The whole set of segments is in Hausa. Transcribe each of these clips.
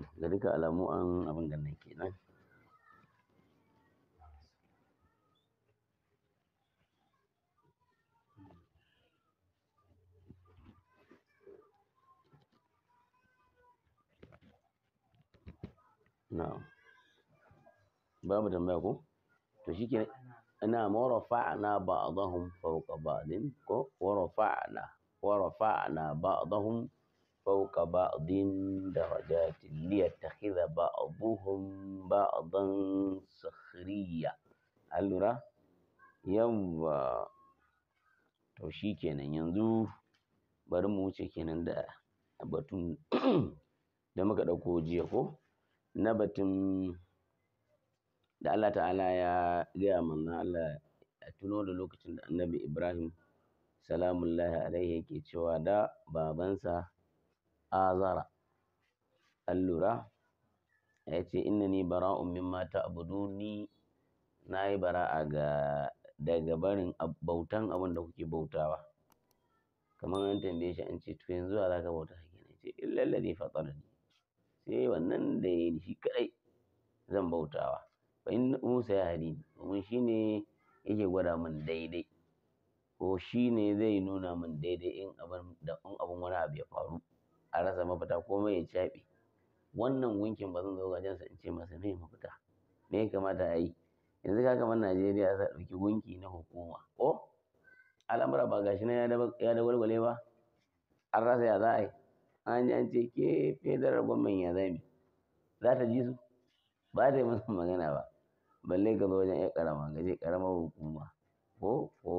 na'am ga duka alamu an abin gannan kenan na'am babu tambaya ko to shikenan ba'dahum fawqa ba'din ko ba'dahum فوق بعض درجات ليتخذ بعضهم بعضا سخريا allura yawwa to shikenan yanzu bari mu wuce kenan da batun da muka ɗauko jiya ko na batun da Allah ta'ala ya gaya manzon Allah a tuno da lokacin da annabi Ibrahim salamullahi alaihi yake cewa da babansa azara Allura ya ce ni bara'un mimma na nayi bara'a ga daga barin bautan abin da kuke bautawa kamar an tambaye shi an ce to yanzu za ka bauta kenan ce illa alladhi fatarani sai wannan da ya shi kadai zan bautawa fa in musa ya hadi domin shine yake gwada min daidai ko shine zai nuna min daidai in abin da in abin wani abu ya faru a rasa mafita ko mai ya caɓe wannan gunkin ba zan zo gajensa in ce masa me mafita me ya kamata a yi yanzu ka kamar Najeriya za ɗauki gunki na hukuma ko al'amura ba gashi na ya dagwalgwale ba an rasa ya za a yi an ji an ce ke fedarar gwamnan ya zami za ta ji su ba ta yi masa magana ba balle ka zo wajen ya karama, gaje karamar hukuma ko ko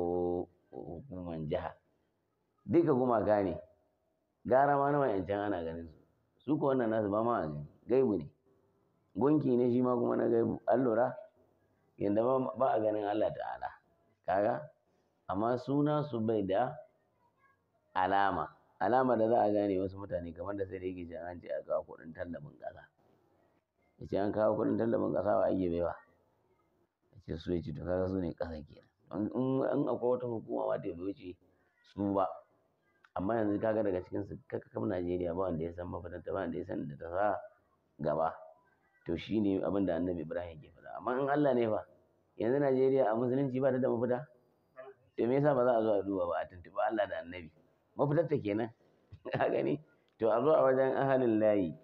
hukuman jiha duka gumaka ne gara ma na wa'yancan ana ganin su su ko wannan nasu ba ma a gani gaibu ne gunki ne shi ma kuma na gaibu an lura yadda ba a ganin Allah ta'ala kaga amma suna su bai da alama alama da za a gane wasu mutane kamar da sai da yake an ce a kawo kuɗin tallafin ƙasa ya ce an kawo kuɗin tallafin ƙasa wa ake baiwa ya ce su ya ce to kaga su ne ƙasa kenan in akwai wata hukuma ma ta wuce su ba amma yanzu kaga daga cikin su kam Najeriya ba wanda ya san mafitarta ba wanda ya san da ta sa gaba to shine abin da Annabi Ibrahim ke faɗa amma in Allah ne fa yanzu Najeriya a musulunci ba ta da mafita to me yasa ba za a zo a duba ba a tuntuɓi Allah da Annabi ta kenan ka gani to a zo a wajen ahalin layi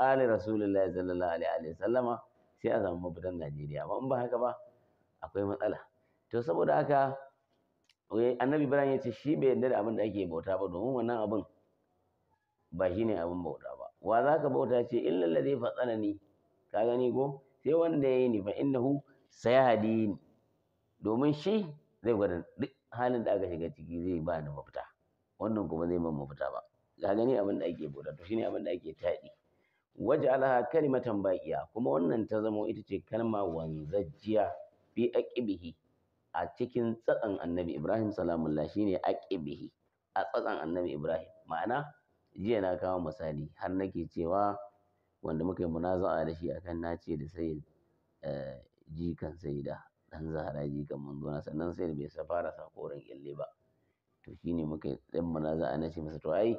ali rasulullahi sallallahu alaihi wa sallama sai a zama mafitar Najeriya amma in ba haka ba akwai matsala to saboda haka annabi ibrahim ya ce shi bai yarda da abin da ake bauta ba domin wannan abin ba shi ne abin bauta ba wa za ka bauta ce illa fa tsanani ka gani ko sai wanda ya yi ni fa innahu ni domin shi zai gwada duk halin da aka shiga ciki zai ba ni mafita wannan kuma zai man mafita ba ka gani abin da ake bauta to shine abin da ake taɗi waje alaha kalimatan baƙiya kuma wannan ta zama ita ce kalma wanzajjiya fi aqibihi a cikin tsatsan annabi Ibrahim salamullah shine aqibihi a tsatsan annabi Ibrahim ma'ana jiya na kawo misali har nake cewa wanda muka yi munaza'a da shi akan nace da sai eh, jikan saida dan zahara jikan manzona sannan sai bai fara sakoran kille ba to shine muka yi dan munaza'a nace masa to ai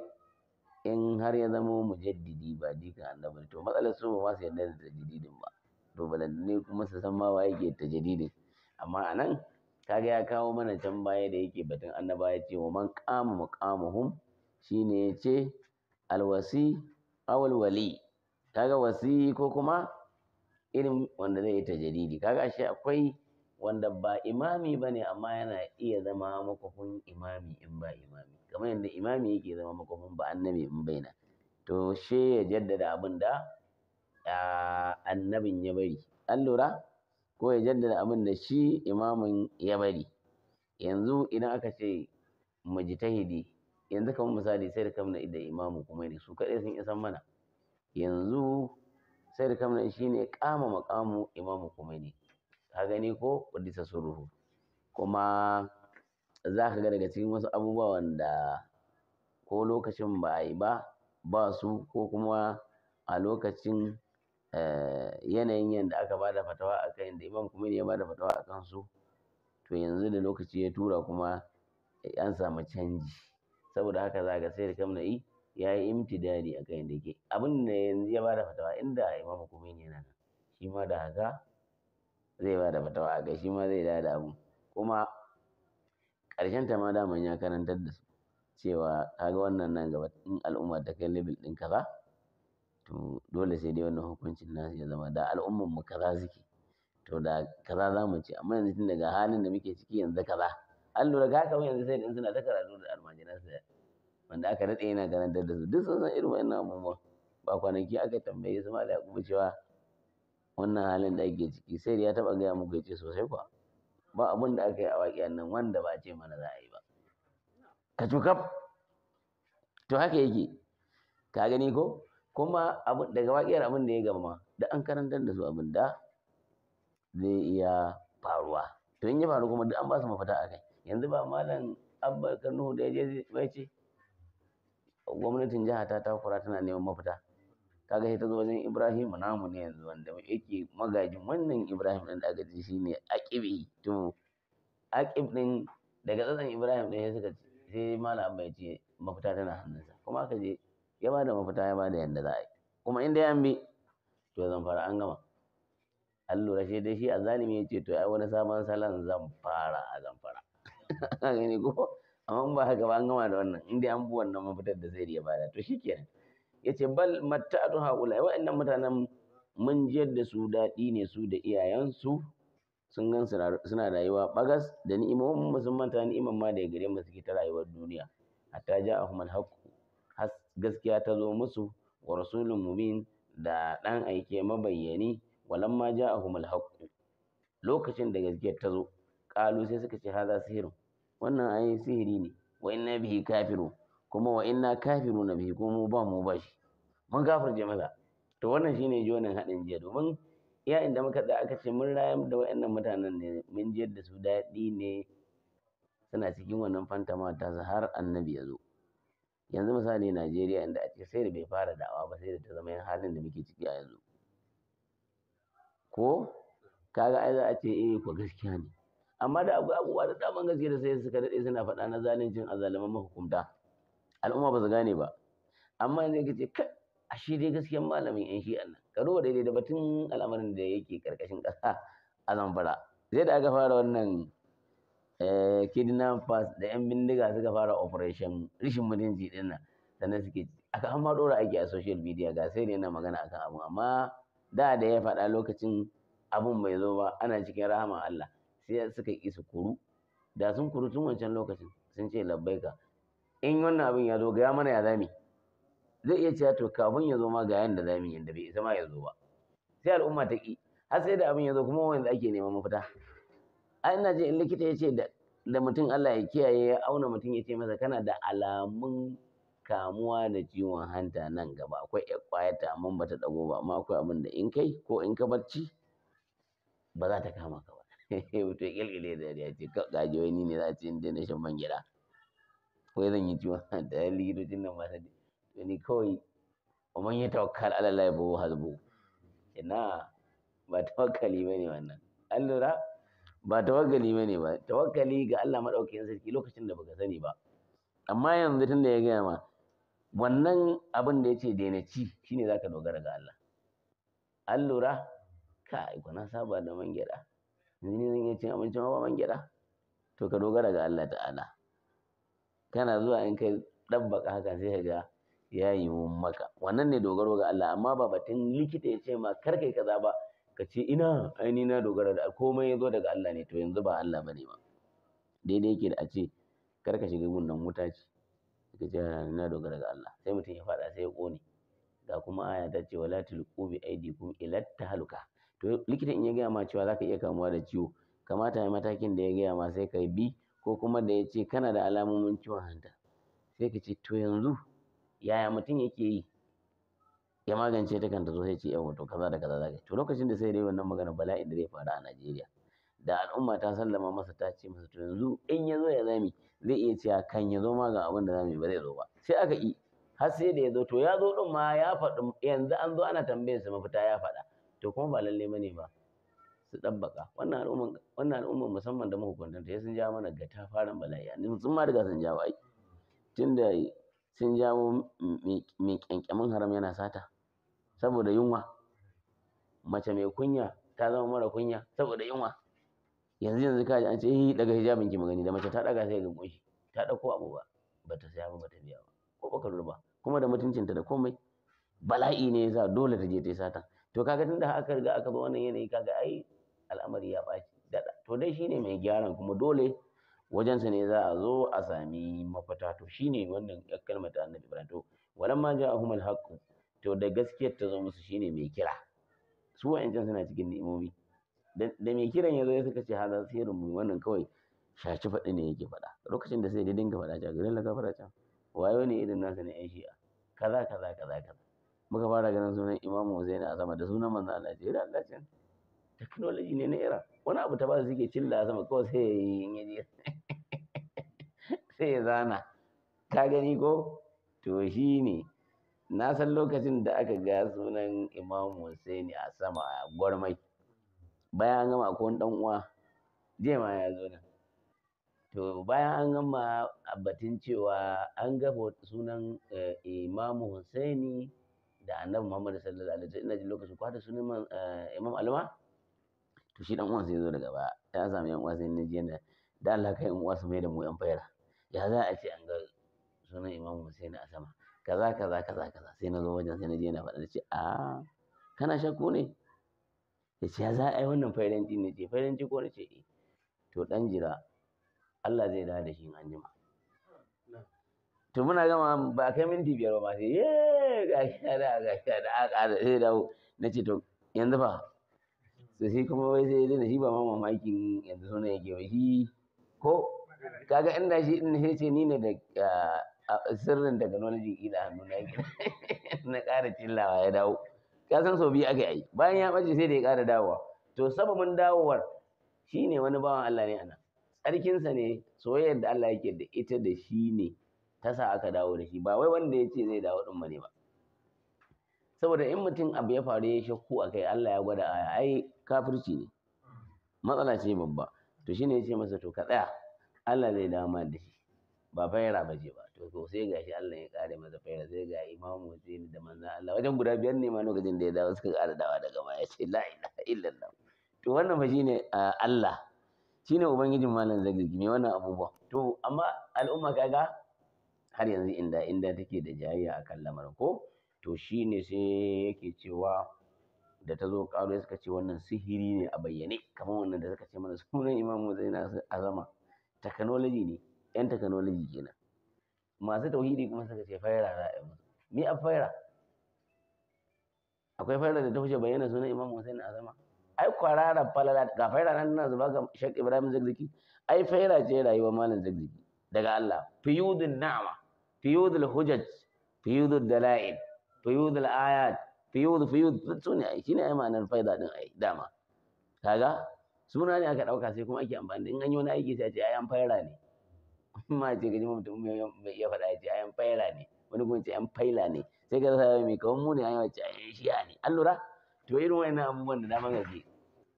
in har ya zama mujaddidi ba jikan annabi to matsalar su ba su yarda da tajdidin ba to balantane kuma su san ma wa yake tajadidin amma anan. kaga ya kawo mana can baya da yake batun annaba ya ce wa man qama muqamuhum shine ya ce alwasi awal wali kaga wasi ko kuma irin wanda zai yi jariri kaga ashe akwai wanda ba imami ba ne amma yana iya zama makofin imami in ba imami kamar yadda imami yake zama makofin ba annabi in baina to she ya jaddada abin da ah, annabin ya bari an lura ko ya jaddada abin da shi imamin ya bari yanzu idan aka ce mujtahidi yanzu kamar misali sai da kamna idan imamu kuma ne su kadai sun isan mana yanzu sai da kamna shine kama makamu imamu kuma ne ka gani ko wadisa suruhu kuma za ka ga daga cikin wasu abubuwa wanda ko lokacin ba a yi ba ba su ko kuma a lokacin Eh, yanayin yadda aka bada fatawa a kan yadda Imam ne ya bada fatawa a su to yanzu da lokaci ya tura kuma eh, an samu canji saboda haka za ga sai da yi ya yi dadi a kan yadda yake abin da yanzu ya bada fatawa inda Imam Khomeini yana nan shi ma da haka zai bada fatawa a kai ma zai da abu kuma ƙarshen ta ma daman ya karantar da su cewa kaga wannan nan gaba in al'ummar ta kai level ɗin kaza to dole sai dai wannan hukuncin nasu ya zama da al'ummar mu kaza suke to da kaza za mu ce amma yanzu tun daga halin da muke ciki yanzu kaza an lura ga haka yanzu sai suna ta karatu da almajiran su wanda aka daɗe yana karantar da su duk sun san irin wannan abubuwa ba kwanaki aka tambaye su da kuma cewa wannan halin da ake ciki sai ya taɓa gaya muku ya ce sosai kuwa ba abin da aka yi a waƙiyar nan wanda ba ce mana za a yi ba ka cukaf to haka yake ka gani ko kuma abu daga waƙiyar abin da ya gama da an karantar da su abin da zai iya faruwa to in ya faru kuma duk an ba su mafita a kai yanzu ba malam abba nuhu da ya je bai ce gwamnatin jiha ta takura tana neman mafita kaga sai ta zo wajen ibrahim namu ne yanzu wanda yake magajin wannan ibrahim ɗin da aka ji shine aqibi to aqib ɗin daga tsatsan ibrahim ɗin sai suka sai malam abba ya ce mafita tana hannunsa kuma aka je ya ba da mafita ya ba da yadda za a yi kuma inda ya ambi bi to zamfara an gama an lura shi dai shi a zalimi ya ce to ai wani sabon salon zan fara a zamfara gani ko amma ba haka ba an gama da wannan Inda ya an bi wannan mafitar da zai ya bada to shikenan yace bal matta'atu haula wa'annan mutanen mun jiyar da su daɗi ne su da iyayensu sun gan suna rayuwa bagas da ni'imomin musamman ta manta ni'imar ma da gare mu suke ta rayuwar duniya hatta ja'ahum al-haqq gaskiya ta zo musu wa rasulun mubin da ɗan aike mabayyani a humul haqq lokacin da gaskiyar ta zo ƙalu sai suka ce haza sihirin wannan ayi sihiri ne wa inna bihi kafiru kuma wa inna na bihi kuma mu ba mu ba shi mun kafirce maza. to wannan shine jonin haɗin jiya domin iya inda muka tsaya aka ce mun rayar da waɗannan mutanen ne mun jiyar da su daɗi ne suna cikin wannan fantama ta har annabi ya zo yanzu misali Najeriya inda a ce sai da bai fara da'awa ba sai da ta zama yan halin da muke ciki a yanzu ko kaga ai za a ce eh ko gaskiya ne amma da akwai abubuwa da dama gaskiya da sai suka daɗe suna faɗa na zaluncin azalaman mahukunta al'umma ba su gane ba amma yanzu yake ce kai a shi dai gaskiyan malamin yan shi nan ka duba daidai da batun al'amarin da yake karkashin ƙasa a zamfara sai da aka fara wannan Eh, kidnappers da 'yan bindiga suka fara operation rishin mutunci din nan sannan suke aka amma ma ɗora ake a social media ga sai ne yana magana akan abu. amma da da ya faɗa lokacin abun bai zo ba ana cikin rahama Allah sai suka yi su kuru da sun kuru tun wancan lokacin sun ce labbaika in wannan abin ya zo ga mana ya zami zai iya cewa to kafin ya zo ma ga yanda zami yanda bai isa ma ya zo ba sai al'umma ta ƙi har sai da abin ya zo kuma wanda ake neman mafita ai ina je in likita ya ce da mutum Allah ya kiyaye ya auna mutum ya ce masa kana da alamun kamuwa da ciwon hanta nan gaba akwai ƴar ƙwayata amma ba ta dago ba amma akwai abin da in kai ko in ka barci ba za ta kama ka ba to ƙilƙile da ya ce ka ji wani ne za a ce in daina shan man gida ko zan yi ciwon hanta ya likitocin nan ba ta ni kawai ومن tawakkal على الله فهو hazbu ina ba tawakkali bane wannan an lura ba tawakkali bane ba tawakkali ga Allah madaukakin sarki lokacin da baka sani ba amma yanzu tunda ya gaya ma wannan abin da yace daina ci shine zaka dogara ga Allah an lura kai ko na saba da man gyada yanzu ne zan iya cin abinci ma ba man gyada to ka dogara ga Allah ta'ala kana zuwa in kai dabbaka haka sai ka ga ya maka wannan ne dogaro ga Allah amma ba batun likita ya ce ma kar kaza ba ka ce ina aini na dogara da komai ya zo daga Allah ne to yanzu ba Allah bane ba daidai yake da a ce kar ka shiga gun nan wuta ce ka ce ah, na dogara da Allah sai mutum ya faɗa sai ya kone ga kuma aya ta ce wala tulqu bi aidikum ila tahluka to likita in ya gaya ma cewa zaka iya kamuwa da ciwo kamata ya matakin da ya gaya ma sai ka bi ko kuma da ya ce kana da alamomin ciwon hanta sai ka ce to yanzu yaya mutum yake yi ya magance ta kanta zo sai ce yawa to kaza da kaza zaka to lokacin da sai dai wannan magana bala'in da zai faru a Najeriya da al'umma ta sallama masa ta ce masa to yanzu in ya zo ya zami zai iya cewa kan ya zo ma ga abin da zami ba zai zo ba sai aka yi har sai da ya zo to ya zo din ma ya faɗi yanzu an zo ana tambayar sa mafita ya faɗa to kuma ba lalle bane ba su ɗabbaka wannan al'umman wannan al'umman musamman da mahukuntanta ya sun ja mana ga ta faran bala'i sun ma riga sun ba ai tunda sun jawo mai kyankyamin haram yana sata saboda yunwa mace mai kunya ta zama mara kunya saboda yunwa yanzu yanzu ka ji an ce eh daga hijabin ki magani da mace ta daga sai ga kunshi ta dauko abu ba bata saya ba bata biya ba ko baka lura kuma da mutuncinta da komai bala'i ne yasa dole ta je ta yi sata, to kaga tunda aka riga aka zo wannan yanayi kaga ai al'amari ya baci daɗa to dai shine mai gyaran kuma dole wajensa ne za a zo a sami mafita to shine wannan kalmar ta annabi ibrahim to walamma ja'ahumul haqq to da gaskiyar ta zo musu shine mai kira su wa'ancan suna cikin ni'imomi da mai kiran ya zo ya suka ce haza sirrin mu wannan kawai shaci faɗi ne yake faɗa lokacin da sai da dinga faɗa ta garin ka faɗa can wayo ne irin nasa ne yan shi'a kaza kaza kaza kaza muka fara ganin sunan imamu zaini a sama da sunan manzo Allah ce da Allah ce ne na era wani abu ta ba su suke cilla sama kawai sai ya yi sai zana ka gani ko to shine na san lokacin da aka ga sunan Imam Hussein a sama a Gwarmai bayan an gama akwai wani dan uwa jiya ma ya zo nan to bayan an gama batun cewa an ga sunan eh, Imam Hussein da Annabi Muhammad sallallahu alaihi wasallam ina jin lokacin kwata sunan Imam eh, Alma to shi dan uwan sai ya zo daga baya ya samu yan uwa sai ni da Allah kai yan uwa su mai da mu yan fayar ya za a ce an ga sunan Imam Hussein a sama kaza kaza kaza kaza sai na zo wajen sai na je na faɗa da ce a kana shakku ne ya ce ya za a yi wannan fairanci ne ce fairanci ko na ce eh to dan jira Allah zai dawo da shi an jima to muna gama ba kai minti biyar ba sai ye ga da ga da aka da sai dawo na ce to yanzu fa sai shi kuma wai sai dai shi ba ma mamakin yanzu sunan yake wai shi ko kaga inda shi in sai ce ni ne da ah, sirrin technology kila hannu na yake na ƙara cillawa ya dawo Ya san sau biyu aka yi bayan ya ɓace sai da ya ƙara dawowa to sababin dawowar shine wani bawan Allah ne anan tsarkinsa ne soyayyar da Allah yake da ita da shi ne ta sa aka dawo da shi ba wai wanda ya ce zai dawo ɗin ba ne ba saboda in mutum abu ya faru ya shakku a kai Allah ya gwada aya ai kafirci ne matsala ce babba to shine ya ce masa to ka tsaya Allah zai dama da shi ba fa ya rabaje ba to ko sai gashi Allah ya kare masa faira sai ga Imam Hussein da manzon Allah wajen guda biyar ne ma lokacin da ya dawo suka ƙara dawa daga baya ya la ilaha illallah to wannan fa shine Allah shine ubangijin malam zagirgi ne wannan abubuwa to amma al'umma kaga har yanzu inda inda take da jayayya akan lamarin ko to shine sai yake cewa da ta zo ƙaro suka ce wannan sihiri ne a bayyane kamar wannan da suka ce mana sunan imamu zaina azama technology ne yan technology kenan masu tauhidi kuma suka ce faira za a yi musu mi a faira akwai faira da ta fushe bayyana sunan imam hussein a zama ai kwarara falala ga faira nan na zuba ga shek ibrahim zakzaki ai faira ce rayuwar malam zakzaki daga allah fiyudun na'ama fiyudul hujaj fiyudul dala'il fiyudul ayat fiyud fiyud su ne ai shine ai ma'anar faida din ai dama kaga suna ne aka dauka sai kuma ake amfani in an yi wani aiki sai a ce ai an faira ne Amma ce gaji mutum mai iya faɗa ya ce ayan faila ne wani kuma ce ayan faila ne sai ka rasa mai kawo mu ne an yawa ce ayan shi'a ne an lura to irin wayannan abubuwan da dama gaske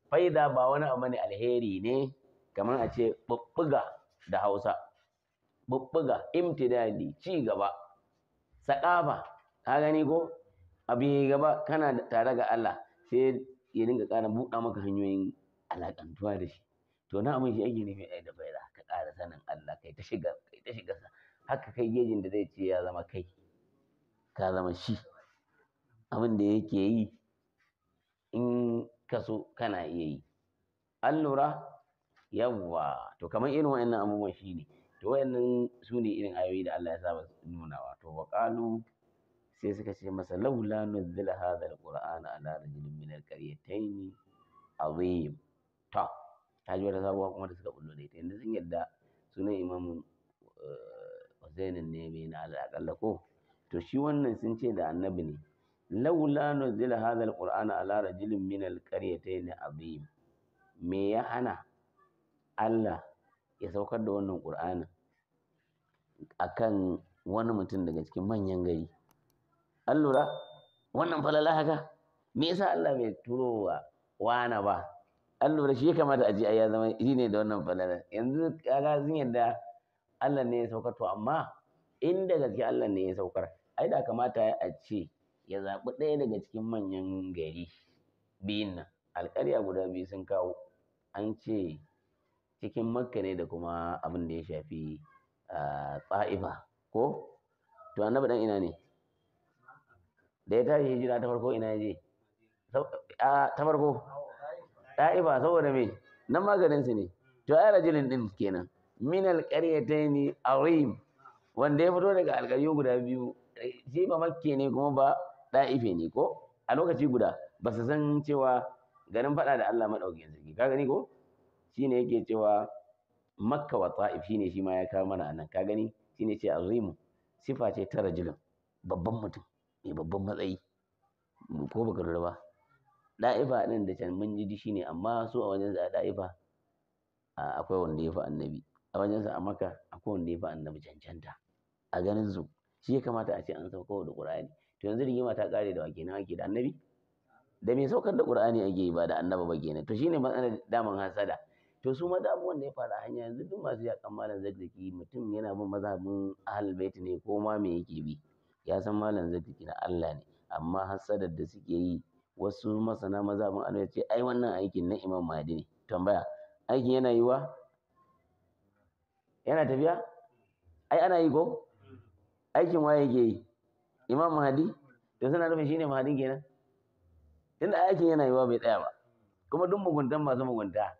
faida ba wani abu ne alheri ne kamar a ce bubbuga da Hausa bubbuga imtidadi ci gaba sakaba ka gani ko abi gaba kana tare ga Allah sai ya dinga ƙara buɗa maka hanyoyin alaƙantuwa da shi to na abin shi ake nufi da faida ƙara sanin Allah kai ta shiga kai ta shiga haka kai gejin da zai ce ya zama kai ka zama shi abin da yake yi in ka so kana iya yi an lura yawwa to kamar irin wa'annan abubuwan shi ne to wa'annan su ne irin ayoyi da Allah ya saba nunawa to wa sai suka ce masa laula nuzila hadha alqur'ana ala rajulin min alqaryatayn azim ta ta ji wata sabuwa kuma da suka bullo da ita yanzu sun yadda sunan imamu eh, Husainin ne bai na alaƙalla ko to shi wannan sun ce da annabi ne laula nuzila hadha alqur'ana ala rajulin min alqaryatayn azim me ya hana Allah ya saukar da wannan qur'ana akan wani mutum daga cikin manyan gari Allura, wannan falala haka me yasa Allah bai turo wa wana ba an lura shi ya kamata a ji a ya zama shi ne da wannan falalar yanzu kaga sun yadda Allah ne ya saukar to amma in da gaske Allah ne ya saukar ai da kamata a ce ya zaɓi ɗaya daga cikin manyan gari biyun nan alƙarya guda biyu sun kawo an ce cikin makka ne da kuma abin da ya shafi tsa'ifa ko to annabi dan ina ne da ya tashi hijira ta farko ina je ta farko ba saboda me nan maganin su ne to ai rajulin din kenan min alqaryatayn arim wanda ya fito daga alqaryo guda biyu shi ba makke ne kuma ba ɗa'ife ne ko a lokaci guda ba su san cewa garin faɗa da Allah maɗaukakin sarki ka gani ko shine yake cewa makka wa ta'if shine shi ma ya kawo mana anan ka gani shine ce azimu sifa ce ta rajulin babban mutum mai babban matsayi ko baka lura ba ɗa'ifa ɗin da can mun ji shi ne amma su a wajensa a ɗa'ifa akwai wanda ya fi annabi a wajen wajensa a maka akwai wanda ya fi annabi cancanta a ganin su shi ya kamata a ce an sauka da qur'ani to yanzu rigima ta ƙare da wake na ake da annabi da me saukar da qur'ani ake yi ba da annaba ba kenan to shine matsalar daman hasada to su ma da abubuwan da ya faru a hanya yanzu duk masu yakan malam zazzaki mutum yana bin mazhabin ahlul bait ne ko ma me yake bi ya san malam zazzaki na Allah ne amma hasadar da suke yi wasu masana mazhabin Ahmad ce ai wannan aikin na Imam Mahdi ne tambaya aikin yana yiwa yana tafiya ai ana yi ko aikin waye yake yi Imam Mahdi don suna nufin shine Mahdi kenan da aikin yana yiwa bai tsaya ba kuma duk muguntan masu mugunta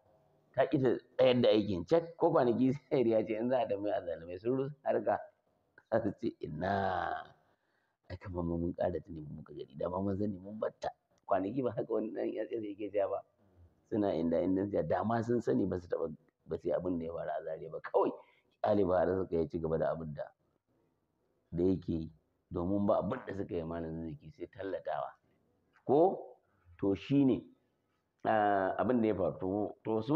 ta ƙi tsayar da aikin cak ko kwanaki sai ya ce in za a tambayi azalumai sun rusa harka za su ce ina ai kamar mun ƙara tuni mun muka gari da ma mun sani mun batta kwanaki ba haka wani dan yatsa yake ja ba suna inda inda ja da ma sun sani ba su taba ba sai abin da ya faru a zare ba kawai ɗaliba har suka ya ci gaba da abin da da yake domin ba abin da suka yi malam zaki sai tallatawa ko to shine abin da ya faru to su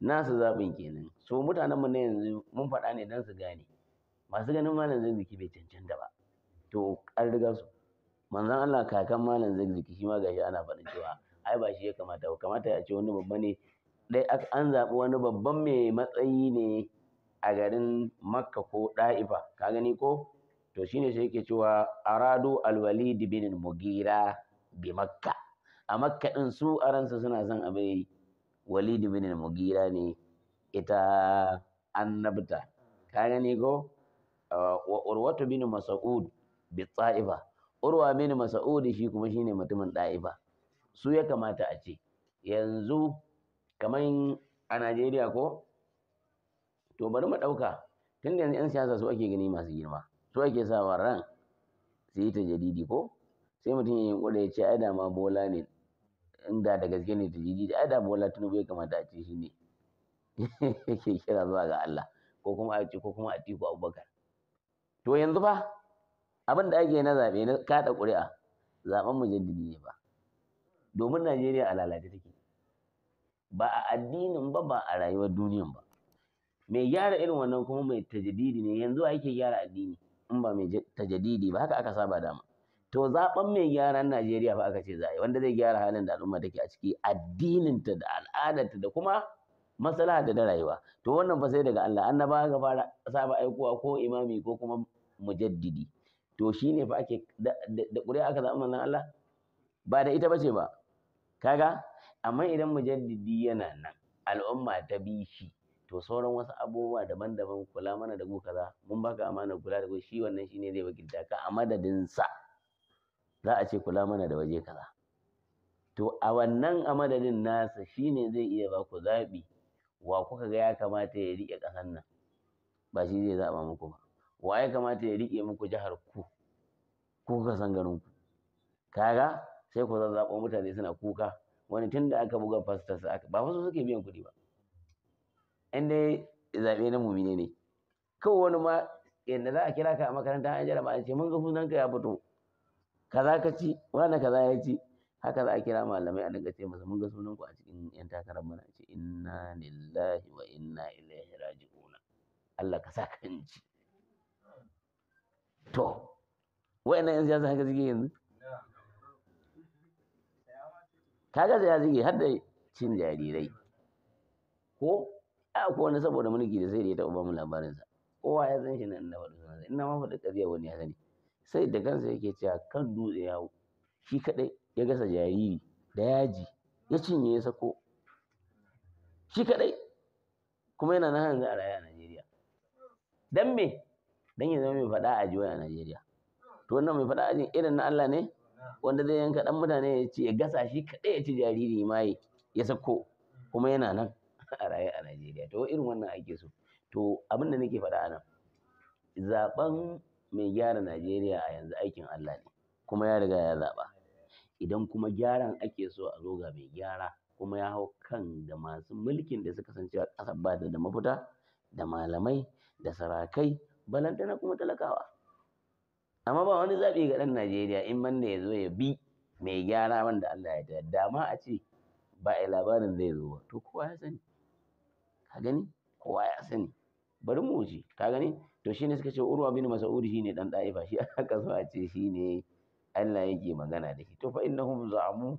nasu zaɓin kenan so mutanenmu na yanzu mun faɗa ne don su gane masu ganin malam zaki bai cancanta ba to an riga su manzon Allah kakan malam zakzaki shi ma gashi ana faɗin cewa ai ba shi ya kamata ba kamata a ce wani babba ne dai an zaɓi wani babban mai matsayi ne a garin makka ko ɗa'ifa ka gani ko to shine sai yake cewa aradu alwalid bin mugira bi makka a makka din su aransa suna son abin walid bin mugira ne ita annabta ka gani ko wa urwatu bin mas'ud bi ta'ifa urwa bin mas'udi shi kuma shine mutumin ɗa'iba. su ya kamata a ce yanzu kaman a Najeriya ko to bari mu dauka tun da 'yan siyasa su ake gani masu girma su ake sawa ran su yi ta jadidi ko sai mutum ya yunkura ya ce ai da ma bola ne inda da gaske ne ta jadidi ai da bola tun ya kamata a ce shi ne yake kira zuwa ga Allah ko kuma a ce ko kuma a tiku abubakar to yanzu fa abin da ake na zaɓe na kaɗa ƙuri'a zaɓen mujaddidi ne ba domin Najeriya a lalace take ba a addinin ba ba a rayuwar duniyan ba mai gyara irin wannan kuma mai tajadidi ne yanzu ake gyara addini in ba mai tajadidi ba haka aka saba dama to zaben mai gyaran Najeriya fa aka ce za a wanda zai gyara halin da al'umma take a ciki addininta da al'adarta da kuma maslaha da rayuwa to wannan fa sai daga Allah annaba ga fara saba aikowa ko imami ko kuma mujaddidi to shi ne fa ake da ƙuri'a aka zama manzon Allah ba da ita bace ba kaga amma idan mujaddidi yana nan al'umma ta bi shi to sauran wasu abubuwa daban-daban kula mana da gu kaza mun baka amana kula da shi wannan shi ne zai wakilta ka a madadin sa za a ce kula mana da waje kaza to a wannan a madadin nasa ne zai iya ba ku zaɓi wa kuka ga ya kamata ya riƙe ƙasan nan ba shi zai zaɓa muku ba Wa ya kamata ya rike muku jihar ku ku ka san garin ku kaga sai ku zazzabo mutane suna kuka wani tun da aka buga fasta aka ba fa suke biyan kuɗi ba in dai zaɓe na mumine ne kawai wani ma yadda za a kira ka a makaranta an jaraba an ce mun ga ka ya fito kaza ka ci wani kaza ya ci haka za a kira malamai a dinga ce masa mun ga sunan ku a cikin yan takarar mana ce inna lillahi wa inna ilaihi raji'una Allah ka sa ka to yanzu ya siyasa haka zige yanzu Ta gaza ya zige har da cin jarirai ko a ko wani saboda mulki da sai da ya taɓa bamu labarinsa kowa ya san shi nan na faɗi sunansa ina ma faɗi ƙarya wani ya sani sai da kansa yake cewa kan dutse ya shi kaɗai ya gasa jariri da yaji ya cinye ya sako shi kaɗai kuma yana nan hanzu a rayuwa a Najeriya dan me dan ya zama mai fada a jiwa a Najeriya to wannan mai faɗa ajin irin na Allah ne wanda zai yanka dan mutane ya ce ya gasa shi kaɗai ya ci jariri ma ya sako kuma yana nan a raye a Najeriya to irin wannan ake so to abin da nake faɗa anan zaben mai gyara Najeriya a yanzu aikin Allah ne kuma ya riga ya zaɓa idan kuma gyaran ake so a zo ga mai gyara kuma ya hau kan da masu mulkin da suka san cewa kasar ba da mafuta da malamai da sarakai balantana kuma talakawa amma ba wani zaɓi ga ɗan Najeriya in banda ya zo ya bi mai gyara wanda Allah ya da ma a ce ba a labarin zai zo ba to kowa ya sani ka gani kowa ya sani bari mu wuce ka gani to shine suka ce Urwa bin Mas'ud shine dan da'ifa shi aka so a ce shine Allah yake magana da shi to fa innahum za'amu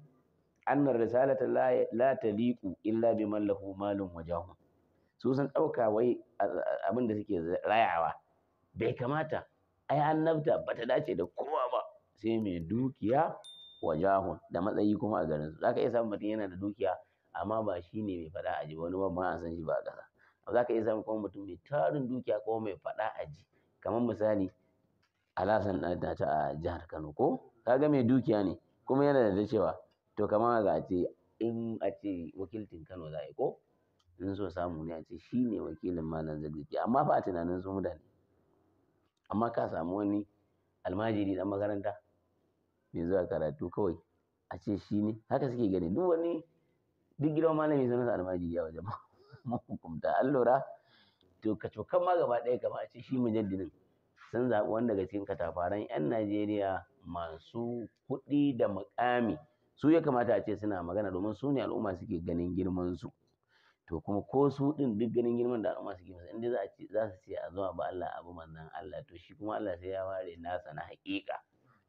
annar risalata la taliqu illa biman lahu malun wajahu su sun dauka wai abin da suke rayawa bai kamata ai annabta bata dace da kowa ba sai mai dukiya wa jahun da matsayi kuma a garinsu za ka iya samun mutum yana da dukiya amma ba shi ne mai faɗa ji. wani ba ma an san shi ba a ƙasa za ka iya samun kuma mutum mai tarin dukiya ko mai faɗa ji? kamar misali alasan ɗan ta a jihar kano ko ka ga mai dukiya ne kuma yana da dacewa? to kamar ga ce in a ce wakiltin kano za a yi ko in so samu ne a ce shi ne wakilin malam zazzaki amma fa a tunanin su mutane amma ka samu wani almajiri dan makaranta mai zuwa karatu kawai a ce shi ne haka suke gani duk wani duk gidan malami sunansa almajiri a wajen mahukumta an lura to ka cokan ma gaba ɗaya kamar a ce shi mujaddidin sun zaɓi wanda daga cikin katafaran 'yan Najeriya masu kuɗi da mukami. su ya kamata a ce suna magana domin su ne al'umma suke ganin girman su. to kuma ko su din duk ganin girman da al'umma suke masa inda za a ce za su ce a zuwa ba Allah abu manzon Allah to shi kuma Allah sai ya ware nasa na haƙiƙa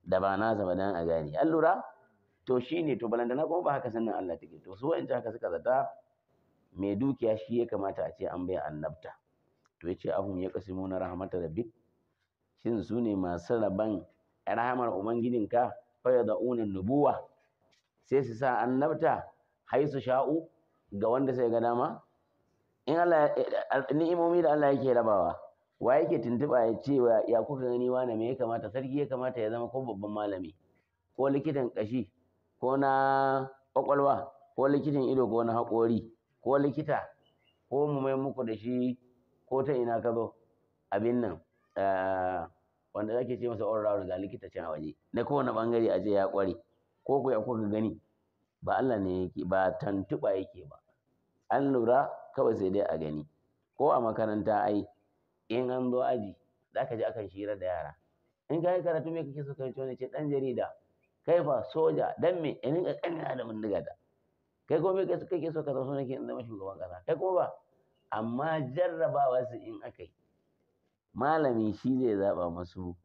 da ba nasa ba dan a gane an lura to ne. to na kuma ba haka sannan Allah take to su wa'ancan haka suka zata mai dukiya shi ya kamata a ce an bai annabta to yace ahum ya kasimu na rahmatar rabbik shin su ne masu raban rahamar ubangijinka fa ya yad'una nubuwa sai su sa annabta haisu sha'u ga wanda sai ga dama in Allah eh, eh, ni'imomi da Allah yake rabawa wa yake tuntuba ya ce ya kuka gani wani me ya kamata sarki ya kamata ya zama ko babban malami ko likitan kashi ko na kwakwalwa ko likitan ido ko na haƙori ko likita ko mu mai muku da shi ko ta ina ka zo abin nan eh, wanda zake ce masa all ga likita can a waje na kowane bangare a je ya kware ko ku ya kuka gani ba Allah ne yake ba tantuba yake ba an lura kawai sai dai a gani ko a makaranta ai in an zo aji za ka ji akan shira da yara in ka yi karatu me kake so ka yi ne ce dan jarida kai fa soja dan me in ka da mun da kai kuma me kake so ka zama so nake in zama shugaban kasa kai kuma ba amma jarrabawa su in aka malami shi zai zaba masu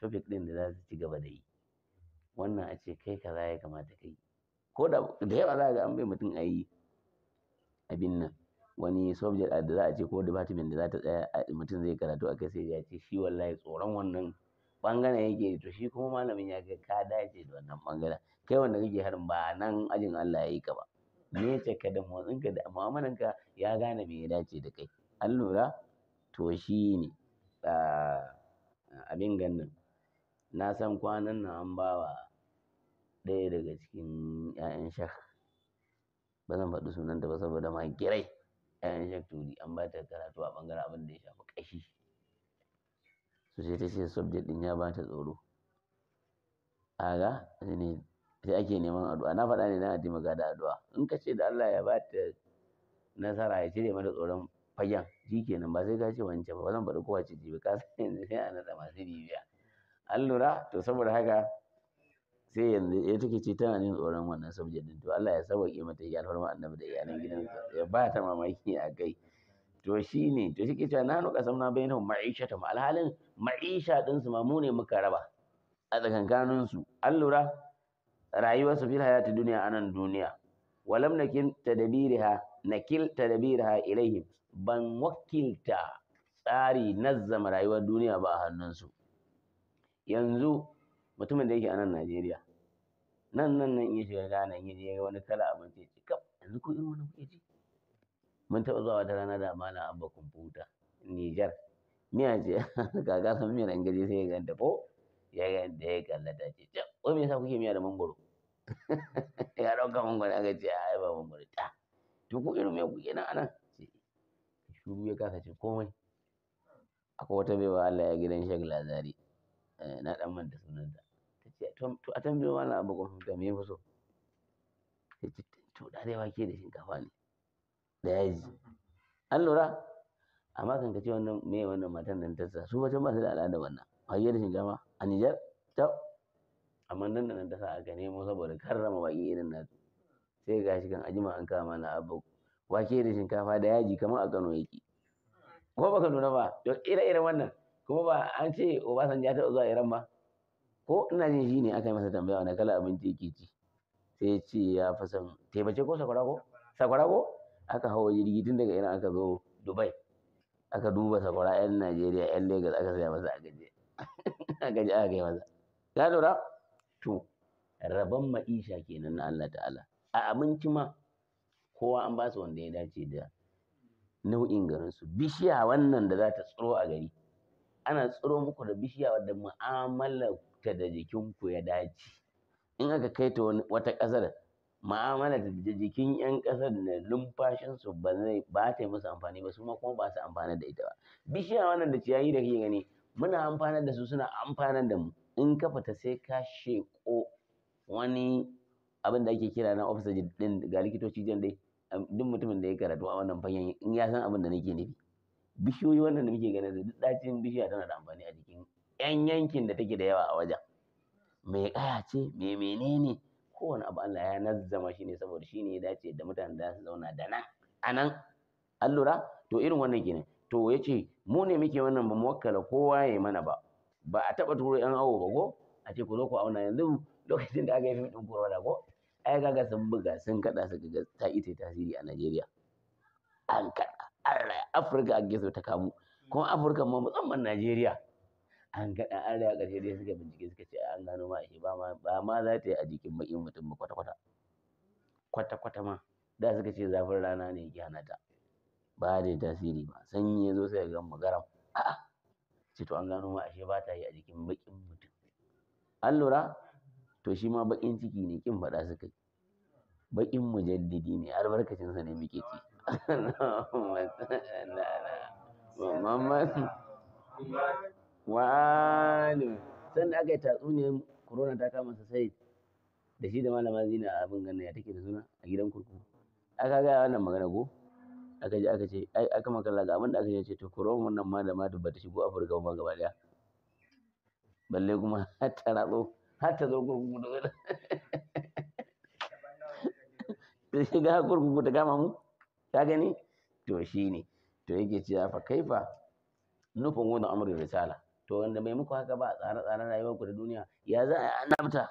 topic ɗin da za su ci gaba da yi wannan a ce kai kaza ya kamata kai ko da da yawa za ga an bai mutum a yi abin nan wani subject da za a ce ko department da za ta tsaya mutum zai karatu a kai sai ya ce shi wallahi tsoron wannan bangaren yake to shi kuma malamin ya ga ka dace da wannan bangaren kai wanda kake harin ba nan ajin Allah ya yi ka ba ya ka da motsinka da mu'amalanka ya gane me ya dace da kai an lura to shi ne abin gannan na san kwanan nan an wa ɗaya daga cikin 'ya'yan shak ba zan faɗi sunanta ba saboda magirai ƴaƴan Sheikh Turi an ba karatu a ɓangaren abin da ya shafi ƙashi su sai ta ce subject ɗin ya ba ta tsoro aga ne sai ake neman addu'a na faɗa ne na taimaka da addu'a in ka ce da Allah ya ba ta nasara ya cire mata tsoron fagen shi kenan ba sai ka ce wance ba zan faɗi kowace ce ba ka yanzu sai a da masu bibiya an lura to saboda haka sai yanzu ya eh, take ce tana jin tsoron wannan subject din to Allah ya sauke mata ya alfarma annabi da iyalan gidansa ya ba ta mamaki a kai to shine to shi ke cewa na qasamna bainahum ma'ishatan alhalin ma'isha din su ma mu ne muka raba a tsakankanin su an lura rayuwar su fil hayati duniya anan duniya walam nakin tadbiriha nakil tadbiriha ilaihim ban wakilta tsari nazzama rayuwar duniya ba a hannunsu yanzu mutumin da yake a nan Najeriya nan nan nan iya shiga Ghana in ya wani kala abinci ya ce kaf yanzu ko irin wani kuke ci mun taɓa zuwa wata rana da mala abba kumfuta Niger miya ce kaga san miyar an gaje sai ya ganta ko ya ganta ya kallata ce ce ko me yasa kuke miya da mangoro ya ɗauka mangoro aka ce ai ba mangoro ta to ko irin me kuke nan anan shuru ya kasa ce komai akwai wata baiwa Allah ya gidan Sheikh Lazari eh, na dan manta sunanta to a tambayi malam abu kwamfuta me fi so ya ce to da dai wake da shinkafa ne da yaji an lura amma kan kace wannan me wannan matan nan ta su wajen ba su da al'ada wannan wake da shinkafa a Nijar ta amma nan da nan ta sa a aka nemo saboda karrama baki irin na sai ga shi kan ajima an kama na abu wake da shinkafa da yaji kamar a Kano yake ko baka nuna ba to ire-iren wannan kuma ba an ce Obasanjo ya taɓa zuwa Iran ba ko ina jin shi ne aka yi masa tambaya wani kala abinci yake ci sai ya ce ya fi son taimace ko sakwara ko aka hawa jirgi tun daga ina aka zo dubai aka duba sakwara yan najeriya yan lagos aka saya masa a gaje a gaje aka kai masa ya lura to rabon ma'isha kenan na Allah ta'ala a abinci ma kowa an ba su wanda ya dace da nau'in garinsu bishiya wannan da za ta tsiro a gari ana tsiro muku da bishiya wadda mu'amalar ta da jikinku ya dace in aka kai ta wata ƙasar ma'amala da jikin 'yan ƙasar da numfashinsu ba zai ba ta yi musu amfani ba su ma kuma ba su amfana da ita ba bishiya wannan da ciyayi da kake gani muna amfanar da su suna amfanar da mu in ka fita sai ka sheƙo wani abin da ake kira na ofisa din ga likitoci jan dai duk mutumin da ya karatu a wannan fanyen in ya san abin da nake nufi bishiyoyi wannan da muke ganin da duk dacin bishiya tana da amfani a jikin 'yan yankin da take da yawa a wajen mai kaya ce mai menene kowane abu Allah ya nazzama shi ne saboda shi ne ya dace da mutanen da su zauna da nan a nan an to irin wannan kenan to ya ce mu ne muke wannan ba mu wakkala kowa ya mana ba ba a taɓa turo 'yan awo ba ko a ce ku zo ku auna yanzu lokacin da aka yi fiɗin da ko ai kaga sun buga sun kaɗa su ga ta ita tasiri a Najeriya an kaɗa an raya Afirka a ta kamu kuma Afirka ma musamman Najeriya an ga an a ƙarshe dai suka bincike suka ce an gano ma ashe ba ma za ta yi a jikin baƙin mutum ba kwata kwata kwata kwata ma da suka ce zafin rana ne yake hana ba da tasiri ba sanyi ya zo sai ya gama garam. a'a ce to an gano ma ashe ba ta yi a jikin baƙin mutum an lura to shi ma baƙin ciki ne ƙin faɗa suka yi baƙin mujaddidi ne sa ne muke ci Muhammad wani da aka yi tatsuniyar corona ta kama su sai da shi da malama zina a abin ganin ya take da suna a gidan kurkuku aka gaya wannan magana ko aka je aka ce ai aka makalla ga abin da aka ce to corona wannan malama da bata shigo afirka ba gaba daya balle kuma har ta ratso har ta zo kurkuku da wani ta shiga kurkuku ta kama mu ka gani to shi ne to yake cewa fa kaifa nufin wani amurin risala to wanda mai muku haka ba tsare-tsaren rayuwar ku da duniya ya za a annabta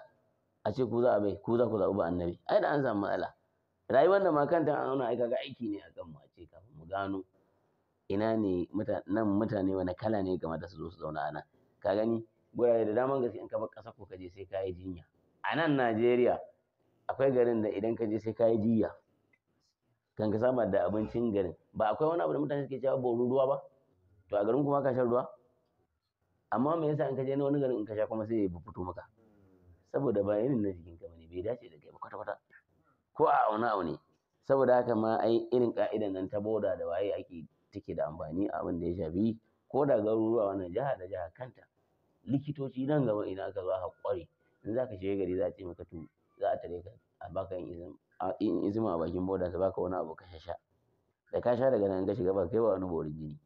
a ce ku za a bai ku za ku zaɓi ba annabi ai da an samu matsala rayuwar da ma kanta an auna ai kaga aiki ne kan mu a ce kafin mu gano ina ne nan mutane wani kala ne game da su zo su zauna a nan ka gani gurare da daman gaske in ka bar ƙasar ko ka je sai ka yi jinya a nan Najeriya akwai garin da idan ka je sai ka yi jinya kan ka samar da abincin garin ba akwai wani abu da mutane suke cewa boru ruwa ba to a garin kuma ka shan ruwa amma me yasa in ka je wani garin in ka sha kuma sai ya fito maka saboda ba irin na jikin ka bane bai dace da kai ba kwata kwata ko a auna aune saboda haka ma ai irin ka'idan nan ta boda da waye ake take da amfani a abin da ya shafi ko da garuruwa wannan jiha da jiha kanta likitoci nan gaba ina aka zo ka kware in za ka shiga gari za a ce maka to za a tare ka a baka yin izin a bakin boda su baka wani abu ka sha da ka sha daga nan ka shiga ba kai ba wani borin jini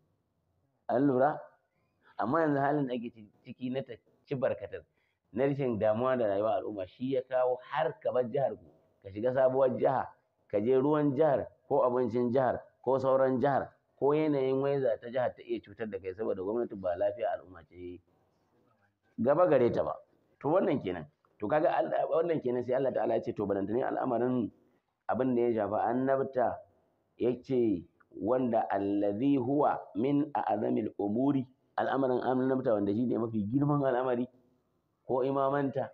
an lura amma yanzu halin da ake ciki na ta ci barkatar na rashin damuwa da rayuwar al'umma shi ya kawo har ka bar jihar ku ka shiga sabuwar jiha ka je ruwan jihar ko abincin jihar ko sauran jihar ko yanayin waiza ta jihar ta iya cutar da kai saboda gwamnati ba lafiya al'umma ce gaba gare ta ba to wannan kenan to kaga wannan kenan sai Allah ta'ala ya ce to balantane al'amarin abin da ya shafa annabta yace wanda allazi huwa min a'zamil umuri al'amarin namta wanda shi ne mafi girman al'amari ko imamanta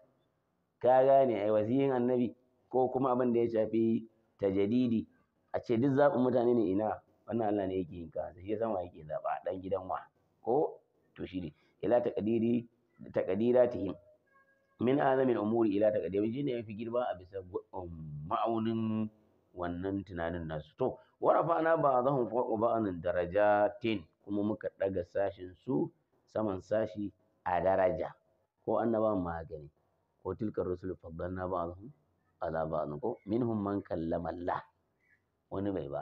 ka gane a wasiyin annabi ko kuma abin da ya shafi tajadidi a ce duk zaɓin mutane ne ina wannan Allah ne yake yin ka shi sama yake zaɓa ɗan gidan wa ko to shi ne ila ta yi min azamin umuri ila taƙadiri shi ne ya fi girma a bisa um, ma'aunin wannan tunanin nasu to ba zan fawqa ba'anin darajatin kuma muka ɗaga sashin su saman sashi a daraja ko annaba ma haka ko tilka rusul faddalna ba'dhum ala ba'd ko minhum man kallama Allah wani bai ba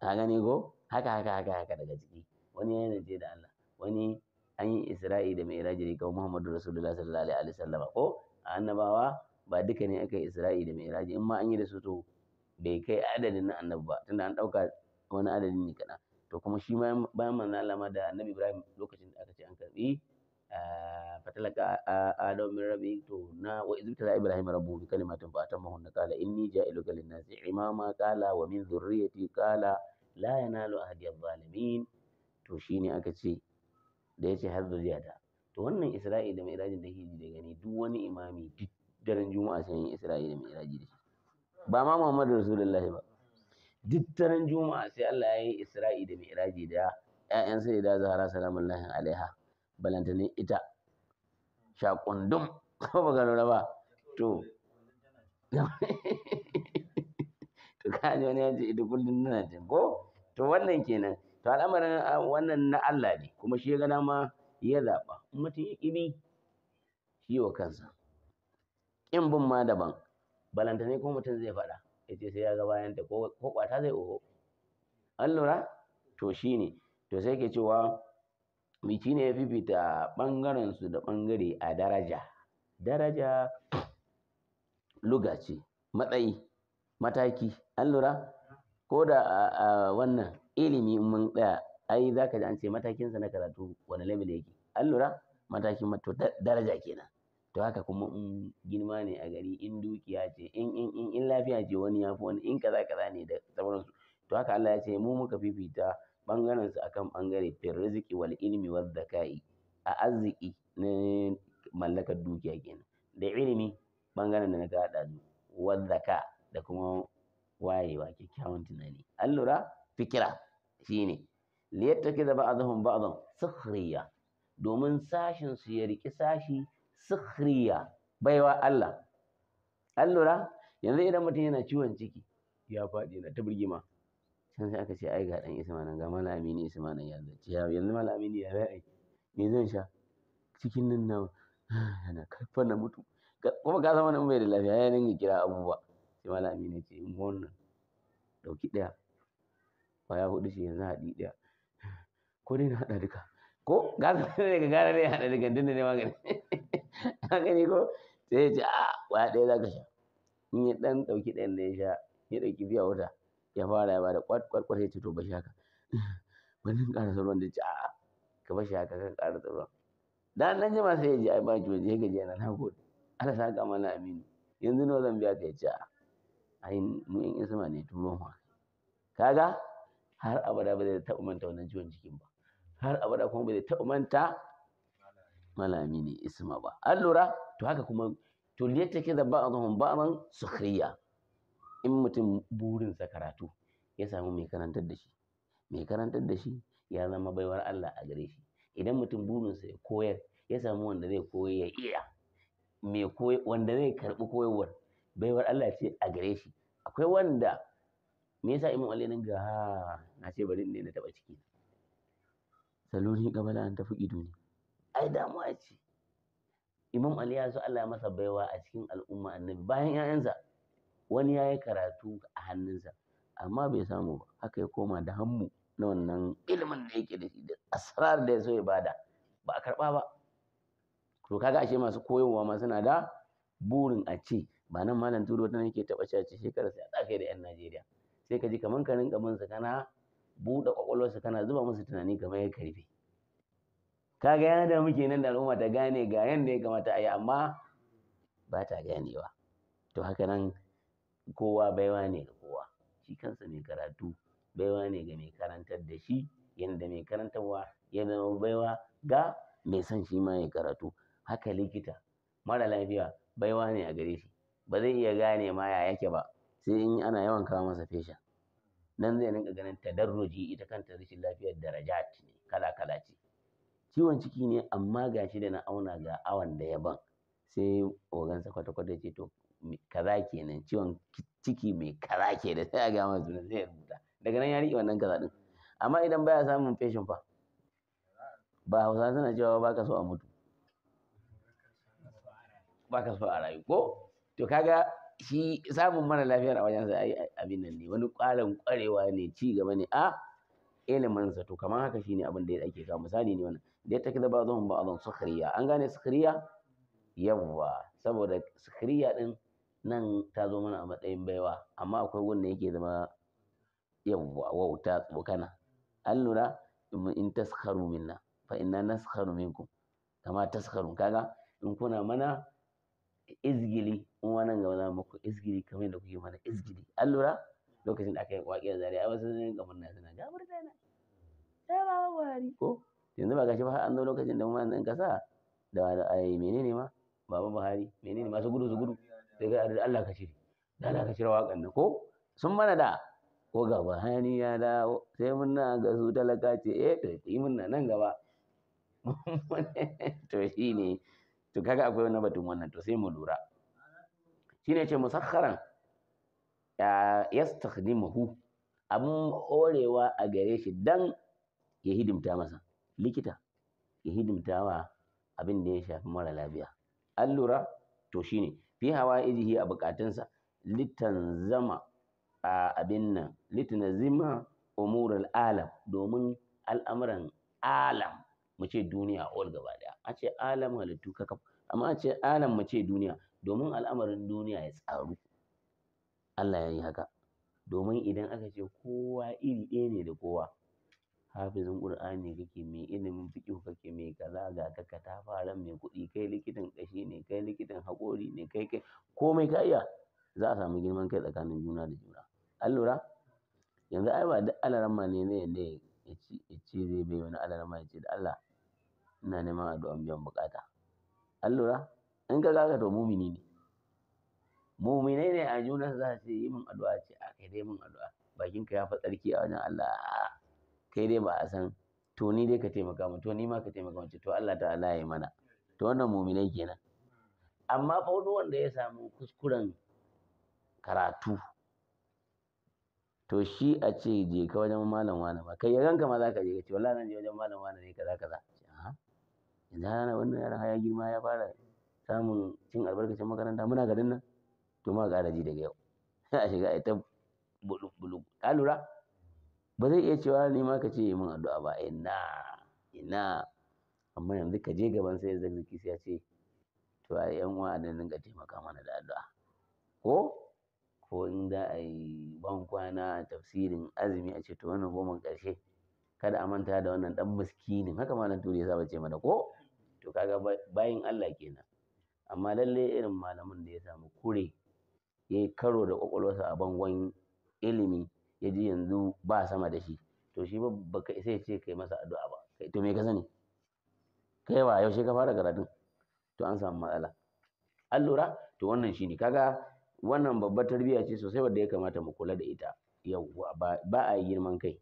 ka gane ko haka haka haka haka daga ciki wani ya yana da Allah wani an yi Isra'i da Mi'raj da kawo Muhammadu Rasulullah sallallahu alaihi wasallam ko annabawa ba duka ne aka yi Isra'i da Mi'raj in ma an yi da su to bai kai adadin na annabi ba tunda an dauka wani adadin ne kaɗan to kuma shi bayan manzon Allah ma da annabi Ibrahim lokacin da aka ce an karbi fatalaka adam min rabbi to na wa izbita la ibrahim rabbu bi kalimatin fa atammahunna qala inni ja'iluka lin-nasi imama qala wa min dhurriyyati qala la yanalu ahdi adh-dhalimin to shine aka ce da yace har zuriyata to wannan isra'ila da mi'rajin da yake da gani duk wani imami duk daren juma'a sai isra'ila da mi'raji ba ma muhammadu rasulullahi ba duk daren juma'a sai Allah ya yi isra'i da mi'raji da ƴaƴan sai da zahara salamun lahin alaiha balanta ne ita shakundum ko ba gano ba to to ji wani ya ce ita kullum tana can ko to wannan kenan to al'amarin wannan na Allah ne kuma shi ya ga dama ya zaɓa mutum ya ƙi shi wa kansa ƙin bin ma daban balanta ne ko mutum zai faɗa ya ce sai ya ga bayan ta ko kwata zai oho an lura to shine to sai ke cewa miki ne ya fifita ɓangarensu da ɓangare a daraja daraja luga matsayi mataki an lura ko da wannan ilimi mun tsaya ai za ka ji an ce matakinsa na karatu wani level yake an lura matakin mato daraja kenan To haka kuma in girma ne a gari, in dukiya ce, in, in, in, in lafiya ce wani ya fi wani, in kaza kaza ne da sauransu. To haka Allah ya ce mu muka fifita bangaren su akan bangare fil riziki wal ilmi wal zaka'i a arziki na mallakar dukiya kenan. Da ilimi bangaren da na kawo ɗazu wal zaka da kuma wayewa kyakkyawan tunani. Allura, fikira shine da ba'dhum ba'dhan sukhriya domin sashin su ya riki sashi sukhriya baiwa Allah an lura yanzu idan mutum yana ciwon ciki ya faɗi yana ta birgima can sai aka ce ai ga dan isma nan ga mala amini isma nan ya yanzu mala amini ya ra'ayi me zan sha cikin nan na yana karfa na mutu kuma ka zama nan da lafiya ya dinga kira abubuwa sai mala amini ce in wannan dauki daya kwaya hudu shi yanzu haɗi daya ko dai na haɗa duka ko gasa ne daga gara ne haɗa duka dinda ne magani haka ne ko sai ya ce a ah, kwaya ɗaya zaka sha in ya ɗan ɗauki ɗayan da ya sha ya ɗauki biya wata ya fara ya bada kwat kwat kwat ya ce to ba sha ka bari in ƙara sauran da ya ce a ah, ka ba sha haka ka ƙara sauran da an jima sai ya ji ai ba ki waje ya gaji yana na gode Allah sa ka mana aminu yanzu nawa zan biya ka ya ce a ah, ai mu in isma ne turo ma kaga har abada ba zai taɓa manta wannan ciwon cikin ba har abada kuma ba zai taɓa manta malami ne isma ba an lura to haka kuma to ke da ba'dhum ba'dan sukhriya in mutum burinsa karatu ya samu mai karantar da shi mai karantar da shi ya zama baiwar Allah a gare shi idan mutum burinsa ya koyar ya samu wanda zai koyi ya iya mai koyi wanda zai karbi koyarwar baiwar Allah ce a gare shi akwai wanda me yasa imam Ali nan ga na ce bari ne na taba ciki saloni qabala an tafi ne. ai damuwa ce imam ali ya zo Allah masa baiwa a cikin al'umma annabi bayan 'ya'yansa wani ya yi karatu a hannunsa amma bai samu ba haka ya koma da hammu na wannan ilimin da yake da shi da asrar da ya so ya bada ba a karɓa ba to kaga ashe masu koyarwa ma suna da burin a ce ba nan malam turo ta yake taɓa cace shekarar sai a tsaka da 'yan Najeriya sai ka ji kaman ka rinka kana buɗe kwakwalwarsa kana zuba musu tunani kamar ya karfe kaga yana da muke nan da al'umma ta gane ga yanda ya kamata a yi amma ba ta ganewa to haka nan kowa baiwa ne ga kowa shi kansa mai karatu baiwa ne ga mai karantar da shi yanda mai karantarwa ya zama baiwa ga mai son shi ma ya karatu haka likita mara lafiya baiwa ne a gare shi ba zai iya gane ma ya yake ba sai in ana yawan kawo masa fesha nan zai rinka ganin tadarruji ita kanta rashin lafiyar daraja ne kala kala ce ciwon ciki ne amma gashi da na auna ga awon da ya ban sai ogansa kwata-kwata ce to kaza kenan ciwon ciki mai kaza ke da sai a ga masu da zai rubuta daga nan ya riƙe wannan kaza din amma idan baya samun feshin fa ba hausa suna cewa ba ka so a mutu ba ka so a rayu ko to kaga shi samun mara lafiyar a wajen sa ai abin nan ne wani ƙwarin ƙwarewa ne ci gaba ne a ilimin sa to kamar haka shine abin da ake kawo misali ne wannan da take da bazon ba'dhan sukhriya an gane sukhriya yawa saboda sukhriya din nan ta zo mana a matsayin baiwa amma akwai wanda yake zama yawa wauta tsokana an lura in taskharu minna fa inna naskharu minkum kama taskharu kaga in kuna mana izgili in wannan gaba za muku izgili kamar yadda kuke mana izgili an lura lokacin da aka yi waƙiyar zariya a wasu zai ga na suna gabar dana sai ba buhari ko yanzu ba gashi ba har an zo lokacin da mu yanzu in kasa da ai menene ma baba Buhari menene ma su gudu su gudu sai ga Allah ka shiri da Allah ka shirya waƙan nan ko sun mana da ko ga Buhari ya dawo sai mun na ga su talaka ce eh to yi mun nan gaba to shine to kaga akwai wannan batun wannan to sai mu lura shine ce musakharan yastakhdimuhu abun orewa a gare shi dan ya hidimta masa likita ya hidimtawa abin da ya shafi mara lafiya an lura to shine fi hawa ijihi a bukatunsa litan zama a abin nan litan zima umurul alam domin al'amuran alam mu ce duniya all gaba daya a ce alam halittu kaka amma a ce alam mu ce duniya domin al'amarin duniya ya tsaru Allah ya yi haka domin idan aka ce kowa iri ɗaya ne da kowa hafizin ƙur'ani kake, mai ilimin fiqh kake, mai kaza ga ka katafaren mai kuɗi, kai likitan ƙashi ne, kai likitan haƙori ne, kai kai komai ka iya za a samu girman kai tsakanin juna da juna. An lura? Yanzu ai ba duk Alaramma ne zai ne ya ce zai bai wani Alaramma ya ce da Allah ina neman addu'an biyan buƙata. An lura? In ka zaka to mumini ne. Muminai ne a juna za su yi min addu'a ce a kai dai min addu'a. Bakinka ya fa tsarki a wajen Allah. kai dai ba a san to ni dai ka taimaka mu to ni ma ka taimaka mu to Allah ta'ala ya mana to wannan muminai kenan amma fa wani wanda ya samu kuskuren karatu to shi a ce je ka wajen malam wani ba kai ya ganka ma za ka je ka ce wallahi nan je wajen malam wani ne kaza kaza yanzu hana wannan yaran ya girma ya fara samun cin albarkacin makaranta muna ga nan to ma ga ji daga yau a shiga a ta bulu ka lura ba zai iya cewa ni ma ka ce yi min addu'a ba ina ina amma yanzu ka je gaban sai zazzaki sai ya ce to a yan uwa da ga taimaka mana da addu'a ko ko in za a yi ban kwana tafsirin azumi a ce to wannan goman ƙarshe kada a manta da wannan dan miskinin haka malam ture ya saba ce mana ko to kaga bayin Allah kenan amma lalle irin malamin da ya samu kure yayi karo da kwakwalwarsa a bangon ilimi ya ji yanzu ba sama da shi to shi ba baka sai ya ce kai masa addu'a ba kai to me ka sani kai ba yaushe ka fara karatun to an samu matsala allura to wannan shine kaga wannan babbar tarbiyya ce sosai wadda ya kamata mu kula da ita yawwa ba a yi girman kai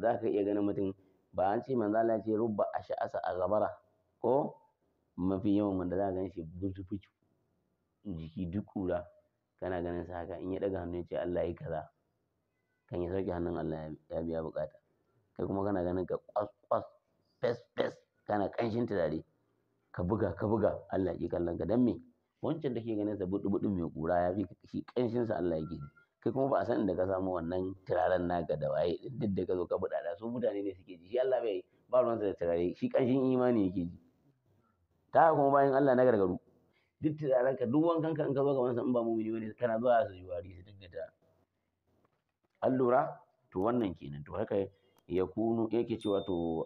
za ka iya ganin mutum ba an ce manzo Allah ce rubba ash'asa a gabara ko mafi yawan wanda za ka gan shi jiki duk kura kana ganin sa haka in ya daga hannu ya ce Allah yi kaza kan yi sauke hannun Allah ya biya bukata kai kuma kana ganin ka kwas kwas fes fes kana kanshin turare ka buga ka buga Allah ya kallon ka dan me wancan da ke ganin sa budu budu mai kura ya fi shi kanshin sa Allah yake kai kuma ba a san inda ka samu wannan turaren naka da waye duk da ka zo ka da su mutane ne suke ji shi Allah bai ba sa da turare shi kanshin imani yake ji ta kuma bayan Allah na gargaru duk ka duk wankan ka in ka zo ka wannan in ba mumini bane kana zuwa su juwari su an lura to wannan kenan to haka ya kunu yake cewa to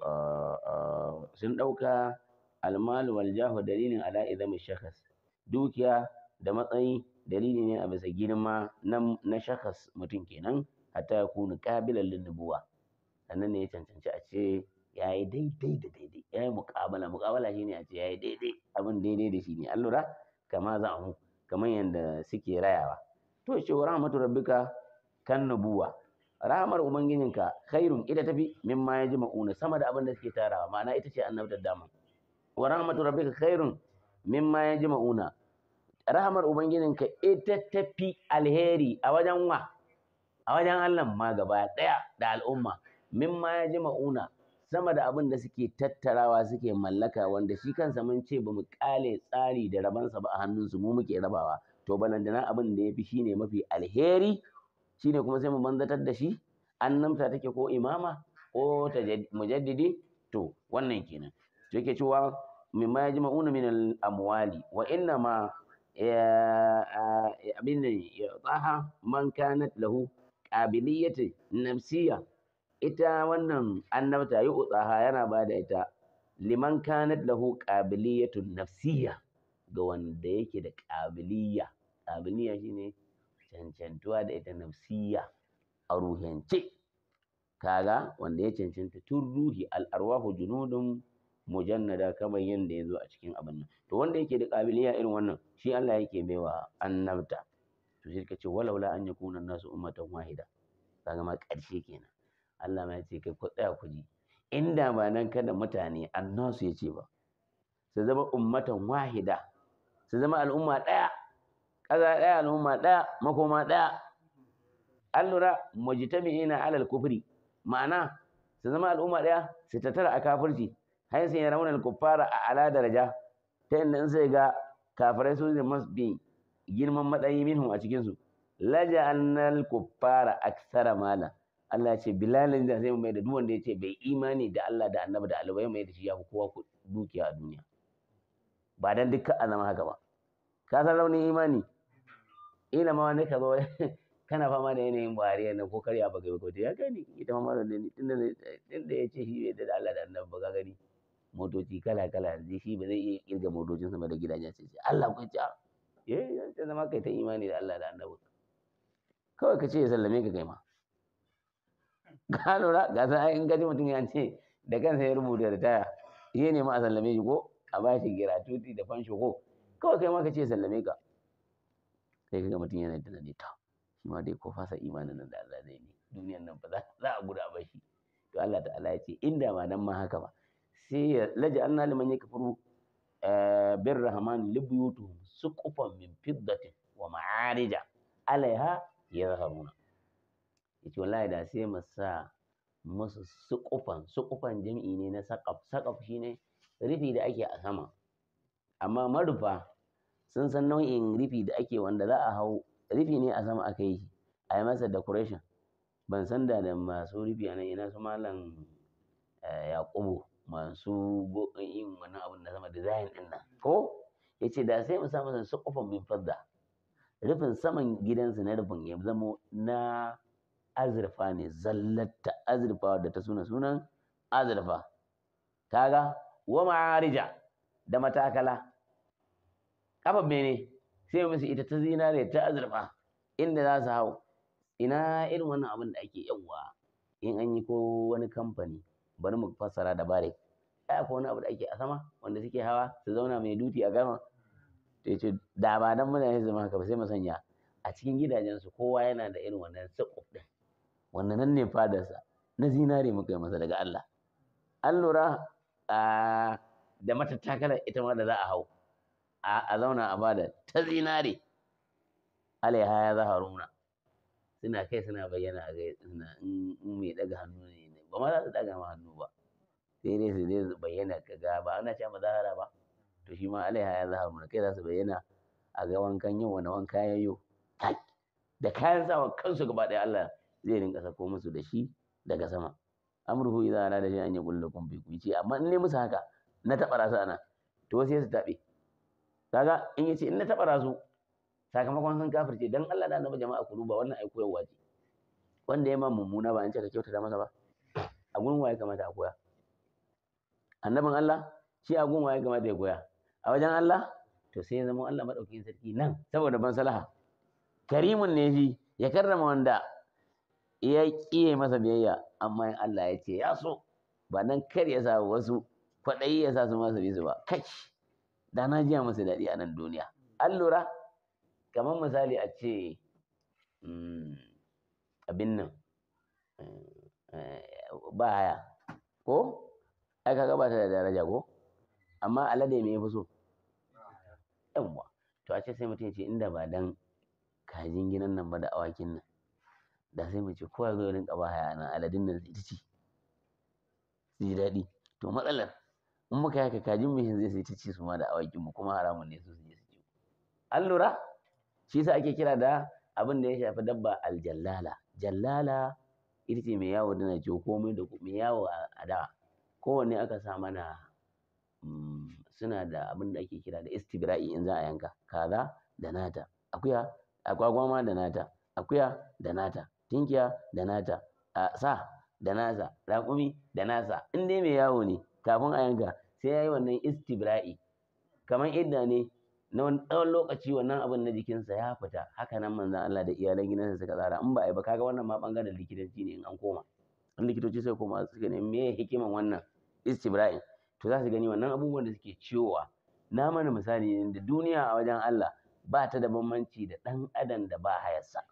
sun ɗauka almal wal jahu dalilin ala idam shakhs dukiya da matsayi dalili ne a bisa girma na shakhs mutum kenan hatta ya kunu qabilan lin nubuwa sannan ne ya cancanci a ce ya yi daidai da daidai ya yi muqabala shine a ce ya yi daidai abin daidai da shi ne an lura kama za mu kamar yanda suke rayawa to shi wa rahmatu rabbika kan nubuwa rahamar ubangijinka khairun ita tafi mimma yajma'una sama da abin da suke tarawa ma'ana ita ce da dama wa rahmatu rabbika khairun mimma yajma'una rahamar ubangijinka ita tafi alheri a wajen wa a wajen Allah ma gaba daya da al'umma mimma yajma'una sama da abin da suke tattarawa suke mallaka wanda shi kansa mun ce bamu kale tsari da rabansa ba a hannunsu mu muke rabawa to na abin da ya fi shine mafi alheri shine kuma sai mu banzatar da shi annamta take ko imama ko mujaddidi to wannan kenan to yake cewa mimma yajma'una min al-amwali wa inna ma abin ya tsaha man kanat lahu qabiliyatu nafsiyya ita wannan annabta yi utsaha yana ba da ita liman kanat lahu qabiliyatun nafsiyya ga wanda yake da Ƙabiliyya qabiliyya shine cancantuwa da ita nafsiyya a ruhance kaga wanda ya cancanta tun ruhi al'arwahu junudun mujannada kamar yadda ya zo a cikin abin nan to wanda yake da kabiliya irin wannan shi Allah yake baiwa annabta to shi kace walaula an yakuna nasu ummatan wahida kaga ma karshe kenan Allah ma ya kai ku tsaya ku ji inda ba nan kada mutane annasu yace ba su zama ummatan wahida su zama al'umma ɗaya kaza ɗaya al'umma ɗaya makoma ɗaya an lura mujtami'ina alal kufri ma'ana su zama al'umma ɗaya su tattara a kafirci hay sun yarawna al kuffara a ala daraja ta inda in sai ga kafirai su ne bi girman matsayi minhum a cikin su laja annal kuffara aksara mala Allah ya ce bilalin da zai mai da duk wanda ya ce bai imani da Allah da annabi da alwaye mai da shi ya fi kowa dukiya a duniya ba dan dukkan a haka ba ka san raunin imani ila ma wani ka zo kana fama da yanayin buhari nan ko karya baka ba ya gani ita ma da ne tunda da ya ce shi bai da Allah da annabi ba gani motoci kala kala zai shi ba zai iya kirga motocin sama da gidajen sai ce Allah ku ci eh ta zama kai ta imani da Allah da annabi kawai ka ce ya sallame ka kai ma ka lura ga san ai gaji mutum ya ce da kansa ya rubuta da taya shi ne ma a sallame shi ko a gira tuti da fanshi ko kawai kai ma ka ce ya sallame ka sai kaga mutum yana da ne ta shi dai ko fasa imanin nan da Allah zai ne duniyan nan ba za a guda ba shi to Allah ta'ala ya ce inda ma nan ma haka ba sai ya laja anna liman yakfuru eh, bir rahman buyutu suqufan min fiddatin wa ma'arija alaiha yazhabuna yace wallahi da sai mu sa musu suqufan suƙufan jam'i ne na saqaf saqaf shine rufi da ake a sama amma marufa sun san nau'in rufi da ake wanda za a hau rufi ne a sama aka yi a yi masa decoration ban san da masu rufi a nan ina su malam eh, yakubu masu yin wannan abun da sama design din nan ko ya ce da sai mu sa masa su kofan min fadda rufin saman gidansu na rufin ya zamo na azurfa ne zallata azurfa da ta suna sunan azurfa kaga wa ma'arija da matakala kafar mene sai musu ita ta zinare ta azurfa inda za su hau ina irin wannan abin da ake yawwa in an yi ko wani kamfani bari mu fassara da bare ai akwai wani abu da ake a sama wanda suke hawa su zauna mai duti a gama to yace da ba dan muna yin zama haka ba sai mu sanya a cikin gidajensu kowa yana da irin wannan sakuf din wannan nan ne fadarsa na zinare muka yi masa daga Allah an lura ah, da matattakalar ita ma da za a hau a zauna a bada ta zinare alaiha ya haruna suna kai suna bayyana a gai suna in mai daga hannu ne ba ma za su daga ma hannu ba sai dai su zai bayyana ka ga ba ana cewa mazahara ba to shi ma alaiha ya haruna kai za su bayyana a ga wankan yau wani wanka ya yi da kayan sawa kansu gaba ɗaya Allah zai rinka sako musu da shi daga sama amruhu idza arada shay'an yaqul lakum bi kun ce amma in ne musu haka na taɓa rasa ana to sai su taɓe kaga in yace in na taba razu sakamakon sun kafirce dan Allah da annabi jama'a ku duba wannan ai koyarwa ce wanda yayi ma mummuna ba an ce ka kyautata masa ba a gurin waye kamata a koya annabin Allah shi a gurin waye kamata ya koya a wajen Allah to sai ya zama Allah madaukakin sarki nan saboda ban salaha karimun ne shi ya karrama wanda ya kiye masa biyayya amma in Allah ya ce ya so ba nan kar ya sa wasu kwaɗayi ya sa su masa bisu ba kai da na jiya masa daɗi a nan duniya an lura kamar misali a ce mm, abin nan eh, ba haya ko ai kaga ta da daraja ko amma alade me fi so yawwa to a ce sai mutum ya ce inda ba dan kajin gidan nan ba da awakin nan da sai mu kowa zo rinka ba haya nan aladin nan ita ce ji daɗi to matsalar in muka yaka kajin mu zai sai ci su ma da awakin mu kuma haramun ne su su je su ci an lura shi yasa ake kira da abin da ya shafi dabba aljallala jallala ita ce mai yawo da na komai da mai yawo a da kowanne aka sa mana mm, suna da abin da ake kira da istibra'i in za a yanka kaza da nata akuya akwagwama da nata akuya da nata tinkiya da nata sa da nasa raƙumi da nasa in dai mai yawo ne kafin a yanka sai ya yi wannan istibra'i kamar idda ne na wani tsawon lokaci wannan abin na jikinsa ya fita haka nan manzan Allah da iyalan gidansa suka tsara in ba a yi ba kaga wannan ma ɓangaren likitanci ne in an koma in likitoci sai koma suka ne me hikiman wannan istibra'in to za su gani wannan abubuwan da suke ciwowa na mana misali ne da duniya a wajen Allah ba ta da bambanci da ɗan adam da ba hayarsa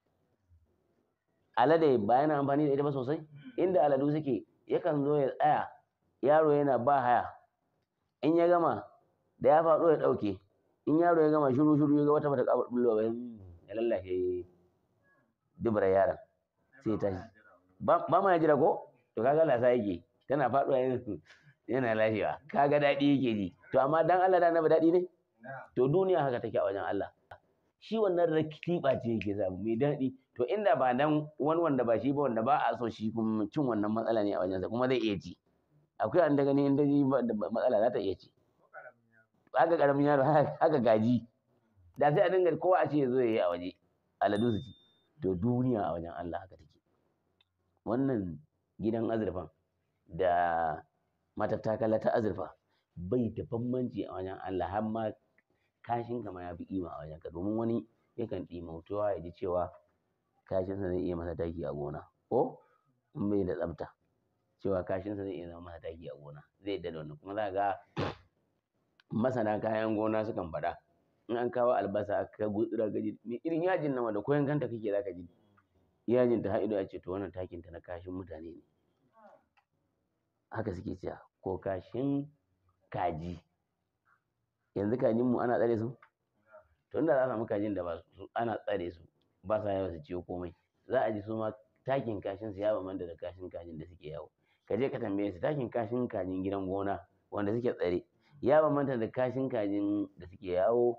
alade ba yana amfani da ita ba sosai inda aladu suke yakan zo ya tsaya yaro yana ba haya in ya gama da ya faɗo ya ɗauke in yaro ya gama shiru shiru ya ga wata bata ƙabar ɓullo ba ya lallashe dubra yaran, sai tashi ba ma ya jira ko to kaga lasa yake tana faɗuwa yana lafiya kaga daɗi yake ji to amma dan Allah da annabi daɗi ne to duniya haka take a wajen Allah shi wannan ba ce yake samu mai daɗi to inda ba dan wani wanda ba shi ba wanda ba a so shi kuma cin wannan matsala ne a wajensa kuma zai iya ci akwai an da gani inda matsala za ta iya ci haka karamin yaro haka gaji da sai a dinga kowa a ce ya zo ya yi a waje aladu su ci to duniya a wajen Allah haka take wannan gidan azurfan da matattakala ta azurfa bai ta bambanci a wajen Allah har ma kashin kama ya fi ima a wajen ka domin wani yakan ɗimautuwa ya ji cewa kashin sa zai iya masa taki a gona ko in bai da tsafta cewa kashinsa zai iya zama masa taki a gona zai yadda da wannan kuma za ga masana kayan gona sukan faɗa in an kawo albasa aka gutsura gaji irin yajin nan wanda ko yankanta kake zaka ji yajin ta ha'ido a ce to wannan takin ta na kashin mutane ne haka suke cewa ko kashin kaji yanzu kajin mu ana tsare su to inda za a samu kajin da ba su ana tsare su ba sa yawa su ciyo komai za a ji su ma takin kashin su ya bambanta da kashin kajin da suke yawo ka je ka tambaye su tashin kashin kajin gidan gona wanda suke tsare ya bambanta da kashin kajin da suke yawo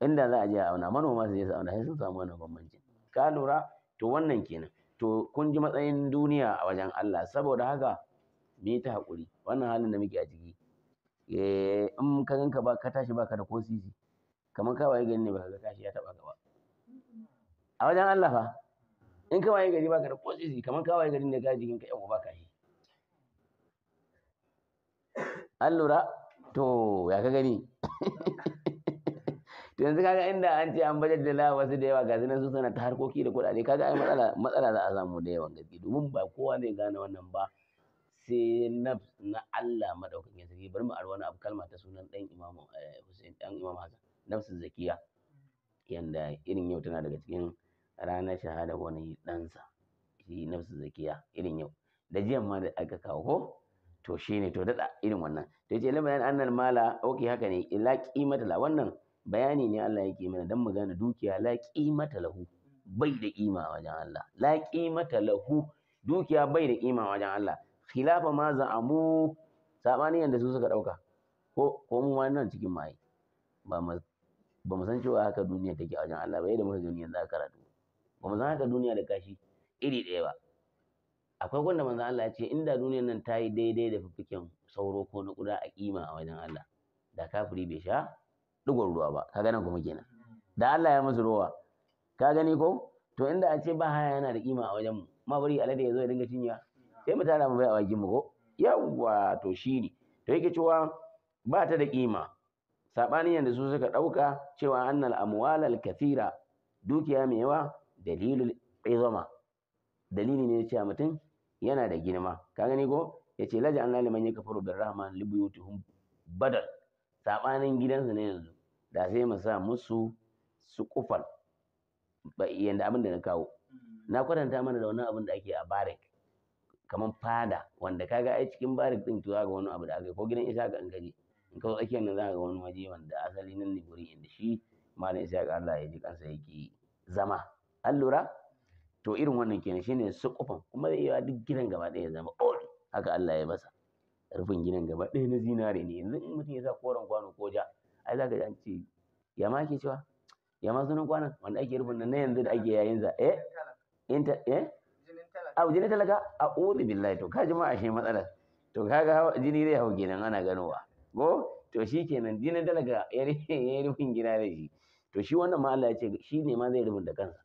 inda za a je a auna manoma su je su auna sai sun samu wannan bambanci ka lura to wannan kenan to kun ji matsayin duniya a wajen Allah saboda haka mu ta hakuri. wannan halin da muke a ciki eh, in ka ganka ba ka tashi baka da kosisi kamar ka waye gani ne baka ga tashi ya taba ka ba a wajen Allah fa in ka waye gari baka da kotsisi kamar ka waye garin da gaji jikin ka baka yi an lura to ya ka gani to yanzu kaga inda an ce an bajar da lawa wasu da yawa ga su suna ta harkoki da kuɗaɗe kaga ai matsala matsala za a samu da yawan gaske domin ba kowa zai gane wannan ba sai nafs na Allah madaukakin sarki bari mu arwana abu kalma ta sunan dan imamu eh, Hussein dan imamu Hassan nafsin zakiya yanda irin yau tana daga cikin ranar shahada wani ɗansa shi nafsu zakiya irin yau da jiyan ma da aka kawo ko to ne to daɗa irin wannan to ce lama yan annal mala Ok haka ne la qimata la wannan bayani ne Allah yake mana dan mu gane dukiya la qimata lahu bai da kima wajen Allah la qimata lahu dukiya bai da kima wajen Allah khilafa ma za'amu sabani yanda su suka dauka ko ko mu ma nan cikin mai ba mu san cewa haka duniya take a wajen Allah ba yadda muka duniya za karatu ba mu zama da duniya da kashi iri ɗaya ba akwai wanda manzo Allah ya ce inda duniyar nan ta yi daidai da fifikin sauro ko na kuda a kima a wajen Allah da kafiri bai sha digon ruwa ba ka nan kuma kenan da Allah ya musu ruwa ka gani ko to inda a ce ba haya yana da kima a wajen mu ma bari alade ya zo ya dinga cinya sai mu tara mu bai a wajen mu ko yawwa to shine to yake cewa ba ta da kima sabanin yanda su suka ɗauka cewa annal amwalal kathira dukiya mai yawa dalilul izama dalili ne cewa mutum yana da girma ka gani ko yace laja an laliman ya kafaru bir rahman libuyutuhum badal sabanin gidansu ne yanzu da sai mu sa musu su kufal yanda abin da na kawo na kwatanta mana da wani abin da ake a barik kamar fada wanda kaga ai cikin barik din to ga wani abu da aka ko gidan isa ga an gaji in ka zo tsakiya nan za ga wani waje wanda asali nan ne guri inda shi malam isa ga Allah ya ji kansa yake zama an lura to irin wannan kenan shine kufan kuma zai yiwa duk gidan gaba ɗaya zama all haka Allah ya masa rufin gidan gaba ɗaya na zinare ne yanzu in mutum ya sa koren kwano ko ja ai zaka ji an ce ya ma ke cewa ya ma sunan kwanan wanda ake rufin nan na yanzu da ake yayin za eh ta eh a jini talaka a uzu billahi to kaji ma ashe matsalar to kaga jini zai hau gidan ana ganowa ko to shi kenan jinin talaka ya rufin gida da shi to shi wannan ma Allah ya ce shi ne ma zai rufin da kansa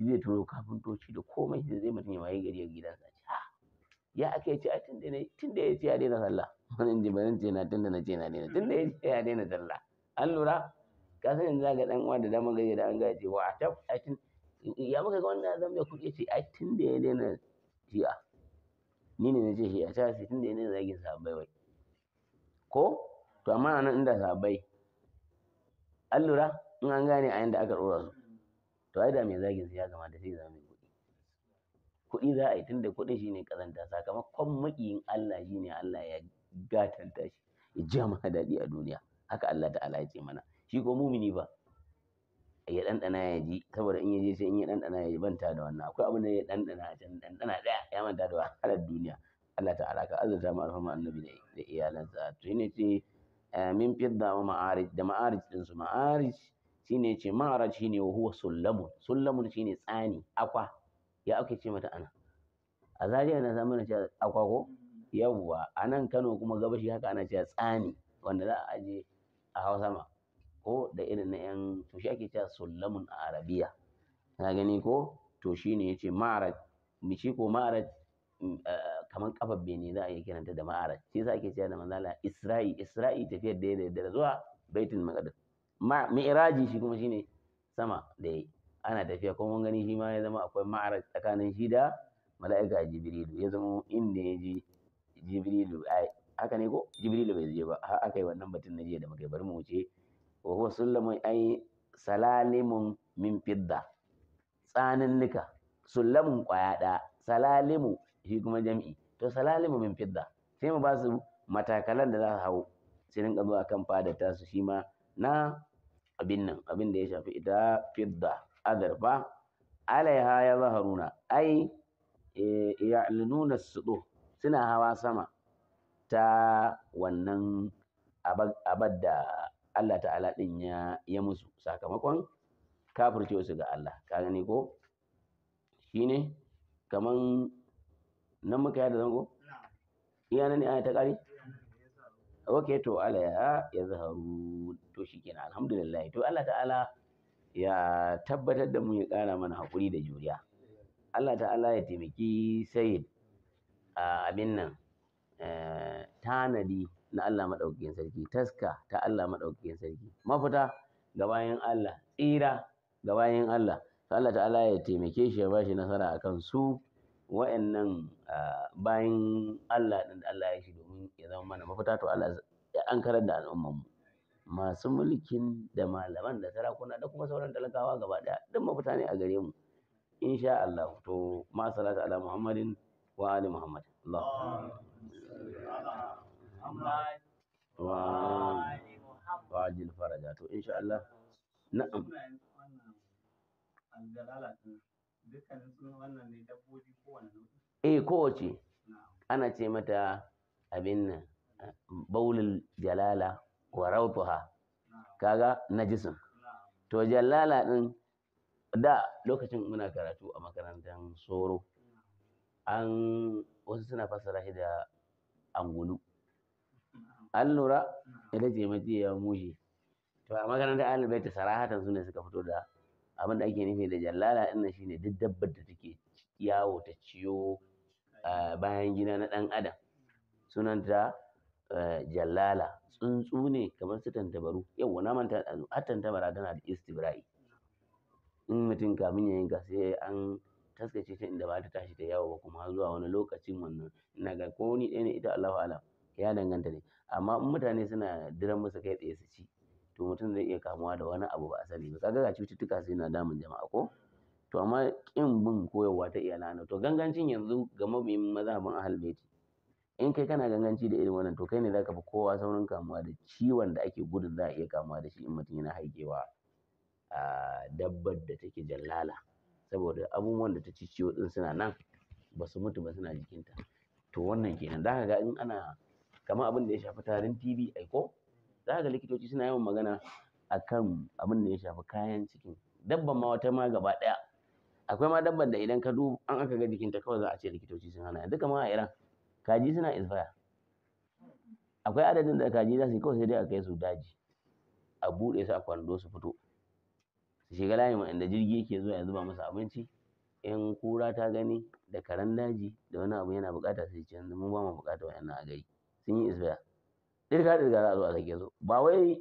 shi zai turo kafintoci da komai da zai mutum ya waye gari ya gidansa ce ya aka ce ai tunda ne tunda ya ce ya daina sallah wannan ji bazan ce na tunda na ce na daina tunda ya ce ya daina sallah an lura ka san yanzu ga dan uwa da dama gari da an ga ce wa tab ai ya muka ga wannan zan mai kuɗi ce ai tunda ya daina jiya ni ne na ce shi a ta sai tunda ya daina zagin sahabbai wai ko to amma nan inda sahabbai an lura in an gane a yanda aka ɗora su to ai da mai zagin sai ya da sai zama mai kuɗi kuɗi za a yi tunda kuɗin shi ne ƙazanta sakamakon maƙiyin Allah shi ne Allah ya gatanta shi ya ji maka daɗi a duniya haka Allah ta'ala ya ce mana shi ko mumini ba ya ɗanɗana ya ji saboda in ya je sai in ya ɗanɗana ya banta da wannan akwai abin da ya ɗanɗana a can ɗanɗana ɗaya ya manta da wahalar duniya Allah ta'ala ka azurta mu alfama annabi da iyalansa to ne ce eh, min fidda wa ma'arij da ma'arij ɗinsu ma'arij shine ce ma'araj shine wa huwa sullamun sullamun shine tsani akwa ya ake ce mata ana a Zariya na zamanin ce akwa ko yawwa a nan Kano kuma gabashi haka ana ce tsani wanda za a aje a hawa sama ko da irin na yan to shi ake cewa sullamun a arabiya na gani ko to shine yace ma'araj mi shi ko ma'araj mm, kamar kafar bene za a iya kiranta da ma'araj shi yasa ake cewa da manzala isra'i isra'i tafiyar da ya da zuwa baitul maqdis mi'raji shi kuma shine sama da yi ana tafiya kuma mun gani shi ma ya zama akwai ma'araj tsakanin shi da mala'ika jibrilu ya zama inda ya ji jibrilu haka ne ko jibrilu bai je ba har aka yi wannan batun na jiya da muka bari mu wuce wa huwa sullamun ai salalimun min fidda tsanin nika sullamun kwaya da salalimu shi kuma jam'i to salalimu min fidda sai mu ba su matakalan da za su hau sai rinka zuwa kan fadar tasu shi ma na abin nan abin da ya shafi ita fidda azarfa alaiha ya zaharuna ai ya e, ya'linuna sudu suna hawa sama ta wannan abad da Allah ta'ala din ya ya musu sakamakon kafirce su ga Allah ka gani ko shi ne, kaman nan muka yada zango iya nan ne aya ta ƙari okay to Allah ya zaharu to shikenan alhamdulillah to Allah ta'ala ya tabbatar da mu ya ƙara mana hakuri da juriya Allah ta'ala ya taimaki sayid a abin nan eh, tanadi na Allah maɗaukakin sarki taska ta Allah maɗaukakin sarki mafita ga bayan Allah tsira ga bayan Allah Allah ta'ala ya taimake shi ya bashi nasara akan su wa'annan bayan Allah ɗin da Allah ya shiga ya zama mana mafita to Allah ya ankarar da al'umman mu masu mulkin da malaman da sarakuna da kuma sauran talakawa gaba daya duk mafita ne a gare mu insha Allah to ma salatu ala Muhammadin wa ali Muhammad Allah wa ajil faraja to insha Allah na'am Eh kowace ana ce mata abin nan baulul jalala wa rautuha kaga najisun to jalala din da lokacin muna karatu a makarantar soro an wasu suna fassara shi da angulu an lura ita ce ya mushi to a makarantar alibai ta sarahatan su ne suka fito da abin da ake nufi da jallala ɗin shine duk dabbar da take yawo ta ciyo bayan gida na ɗan adam sunanta eh, Jalala tsuntsu ne kamar su tantabaru yau na manta har tantabara tana da istibra'i in mutum kamin ya yanka sai an taskace ta inda ba ta tashi ta yawo ba kuma har zuwa wani lokacin wannan ina ga ko ni ɗaya ne ita Allahu alam ya danganta ne amma in mutane suna diran musu kai tsaye su ci to mutum zai iya kamuwa da wani abu ba a sani ba kaga ga cututtuka sai na damun jama'a ko to amma kin bin koyarwa ta iya iyalana to gangancin yanzu ga mabiyin mazhabin ahlul baiti in kai kana ganganci da irin wannan to kai ne zaka fi kowa saurin kamuwa da ciwon da ake gudun za a iya kamuwa da shi in mutum yana haikewa a dabbar da take jallala saboda abubuwan da ta ci ciwo din suna nan ba su mutu ba suna jikinta to wannan kenan za ka ga in ana kamar abin da ya shafi tarin TV ai ko ka ga likitoci suna yawan magana a kan abin da ya shafi kayan cikin dabban ma wata ma gaba daya akwai ma dabban da idan ka du an aka ga jikinta kawai za a ce likitoci sun hana yanzu kama a Iran kaji suna isfaya akwai adadin da kaji za su yi kawai sai dai a kai su daji a buɗe su a kwando su fito su shiga layin inda jirgi yake zuwa ya zuba musu abinci in kura ta gani da karen daji da wani abu yana bukata sai ce mu ba mu bukata wa'annan a gari sun yi isbaya dirka dirka za a zo a sake su ba wai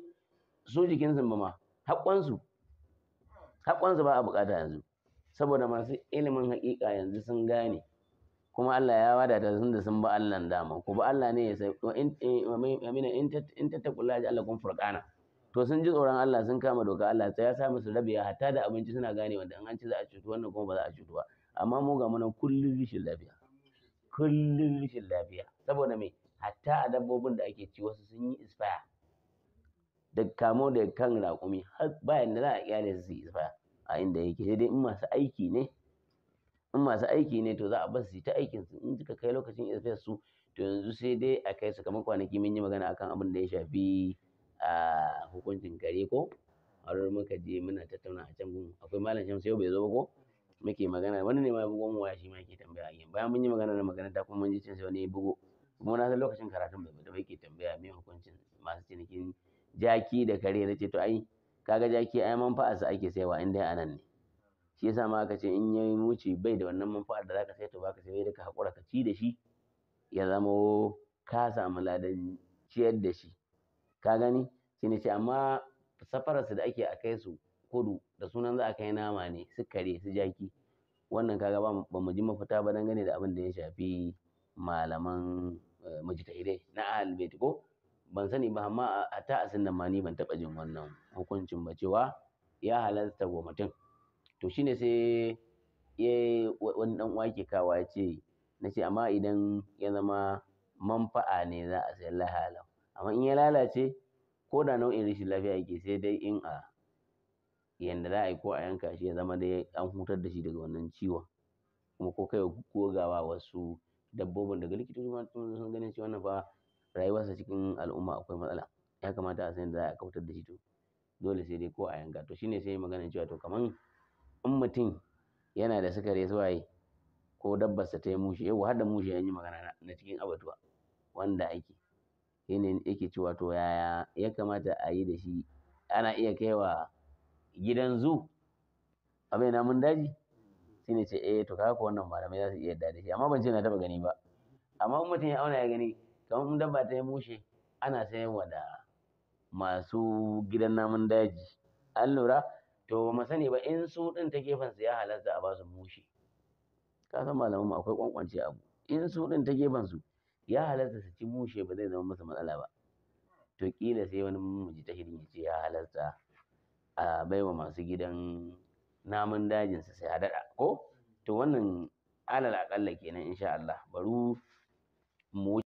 su jikin sun ba ma haƙƙonsu haƙƙonsu ba a bukata yanzu saboda masu ilimin haƙiƙa yanzu sun gane kuma Allah ya wada da sun da sun ba Allah dama ku ba Allah ne ya sai amina in kula eh, ji Allah kun furqana to sun ji tsoron Allah sun kama doka Allah sai ya sa musu rabiya hatta da abinci suna gane wanda an ci za a cutu wannan kuma ba za a cutu ba amma mu ga munan kullun rishin lafiya kullun rishin lafiya saboda me hatta a dabbobin da ake ci wasu sun yi isfaya da kamo da kan raƙumi har bayan da za a kyale su yi isfaya a inda yake sai dai in masu aiki ne in masu aiki ne to za a bar su ta aikin su in suka kai lokacin express su to yanzu sai dai a kai su kamar kwanaki mun yi magana akan abin da ya shafi a hukuncin kare ko har muka je muna tattauna a can akwai malam shamsu yau bai zo ba ko muke magana wani ne ma bugo mu waya shi ma yake tambaya a yin bayan mun yi magana da magana ta kuma mun ji cin sai wani ya bugo kuma na san lokacin karatun bai ba yake tambaya me hukuncin masu cinikin jaki da kare na ce to ai kaga jaki ai man fa'a ake saiwa in dai anan ne shi yasa ma aka ce in ya wuce bai da wannan manfa'ar da zaka sai to baka sai da ka haƙura ka ci da shi ya zama ka samu ladan ciyar da shi ka gani shi ne ce amma safararsu da ake a kai su kudu da sunan za a kai nama ne su kare su jaki wannan kaga ba mu ji mafita ba dangane da abin da ya shafi malaman eh, mujtahidai na ahlul bait ko ban sani ba amma a ta asin nan ma ni ban taɓa jin wannan hukuncin ba cewa ya halarta wa mutum to shine sai ya wani dan uwa yake kawa ya ce na ce amma idan ya zama manfa'a ne za a sayar lahalan amma in ya lalace ko da nau'in rashin lafiya yake sai dai in a yanda za a yi ko a yanka shi ya zama dai an hutar da shi daga wannan ciwon kuma ko kai ko wasu dabbobin daga likitoci ma sun ganin cewa wannan fa rayuwarsa cikin al'umma akwai matsala ya kamata a san da za a kautar da shi to dole sai dai ko a yanka to shine sai magana cewa to kaman in mutum yana da sukari zuwa yi ko dabbarsa ta yi mushi yau har da mushi an yi magana na cikin abatuwa wanda ake ne yake cewa to yaya ya kamata a yi da shi ana iya kaiwa gidan zu abin namun mun daji ne ce eh to kaga wannan malamai za su iya yarda da shi amma ban ce na taba gani ba amma in mutum ya auna ya gani kamar in dabba ta yi mushe ana sayarwa da masu gidan namun daji an lura to ba mu sani ba in su ɗin ta gefen su ya halarta a ba su mushe? ka san malaman mu akwai kwankwance abu in su ɗin ta gefen su ya halarta su ci mushe ba zai zama musu matsala ba to kila sai wani miji ta hidin ce ya halarta a baiwa masu gidan namun dajin su sai a daɗa ko to wannan alal aƙalla kenan insha Allah bari mu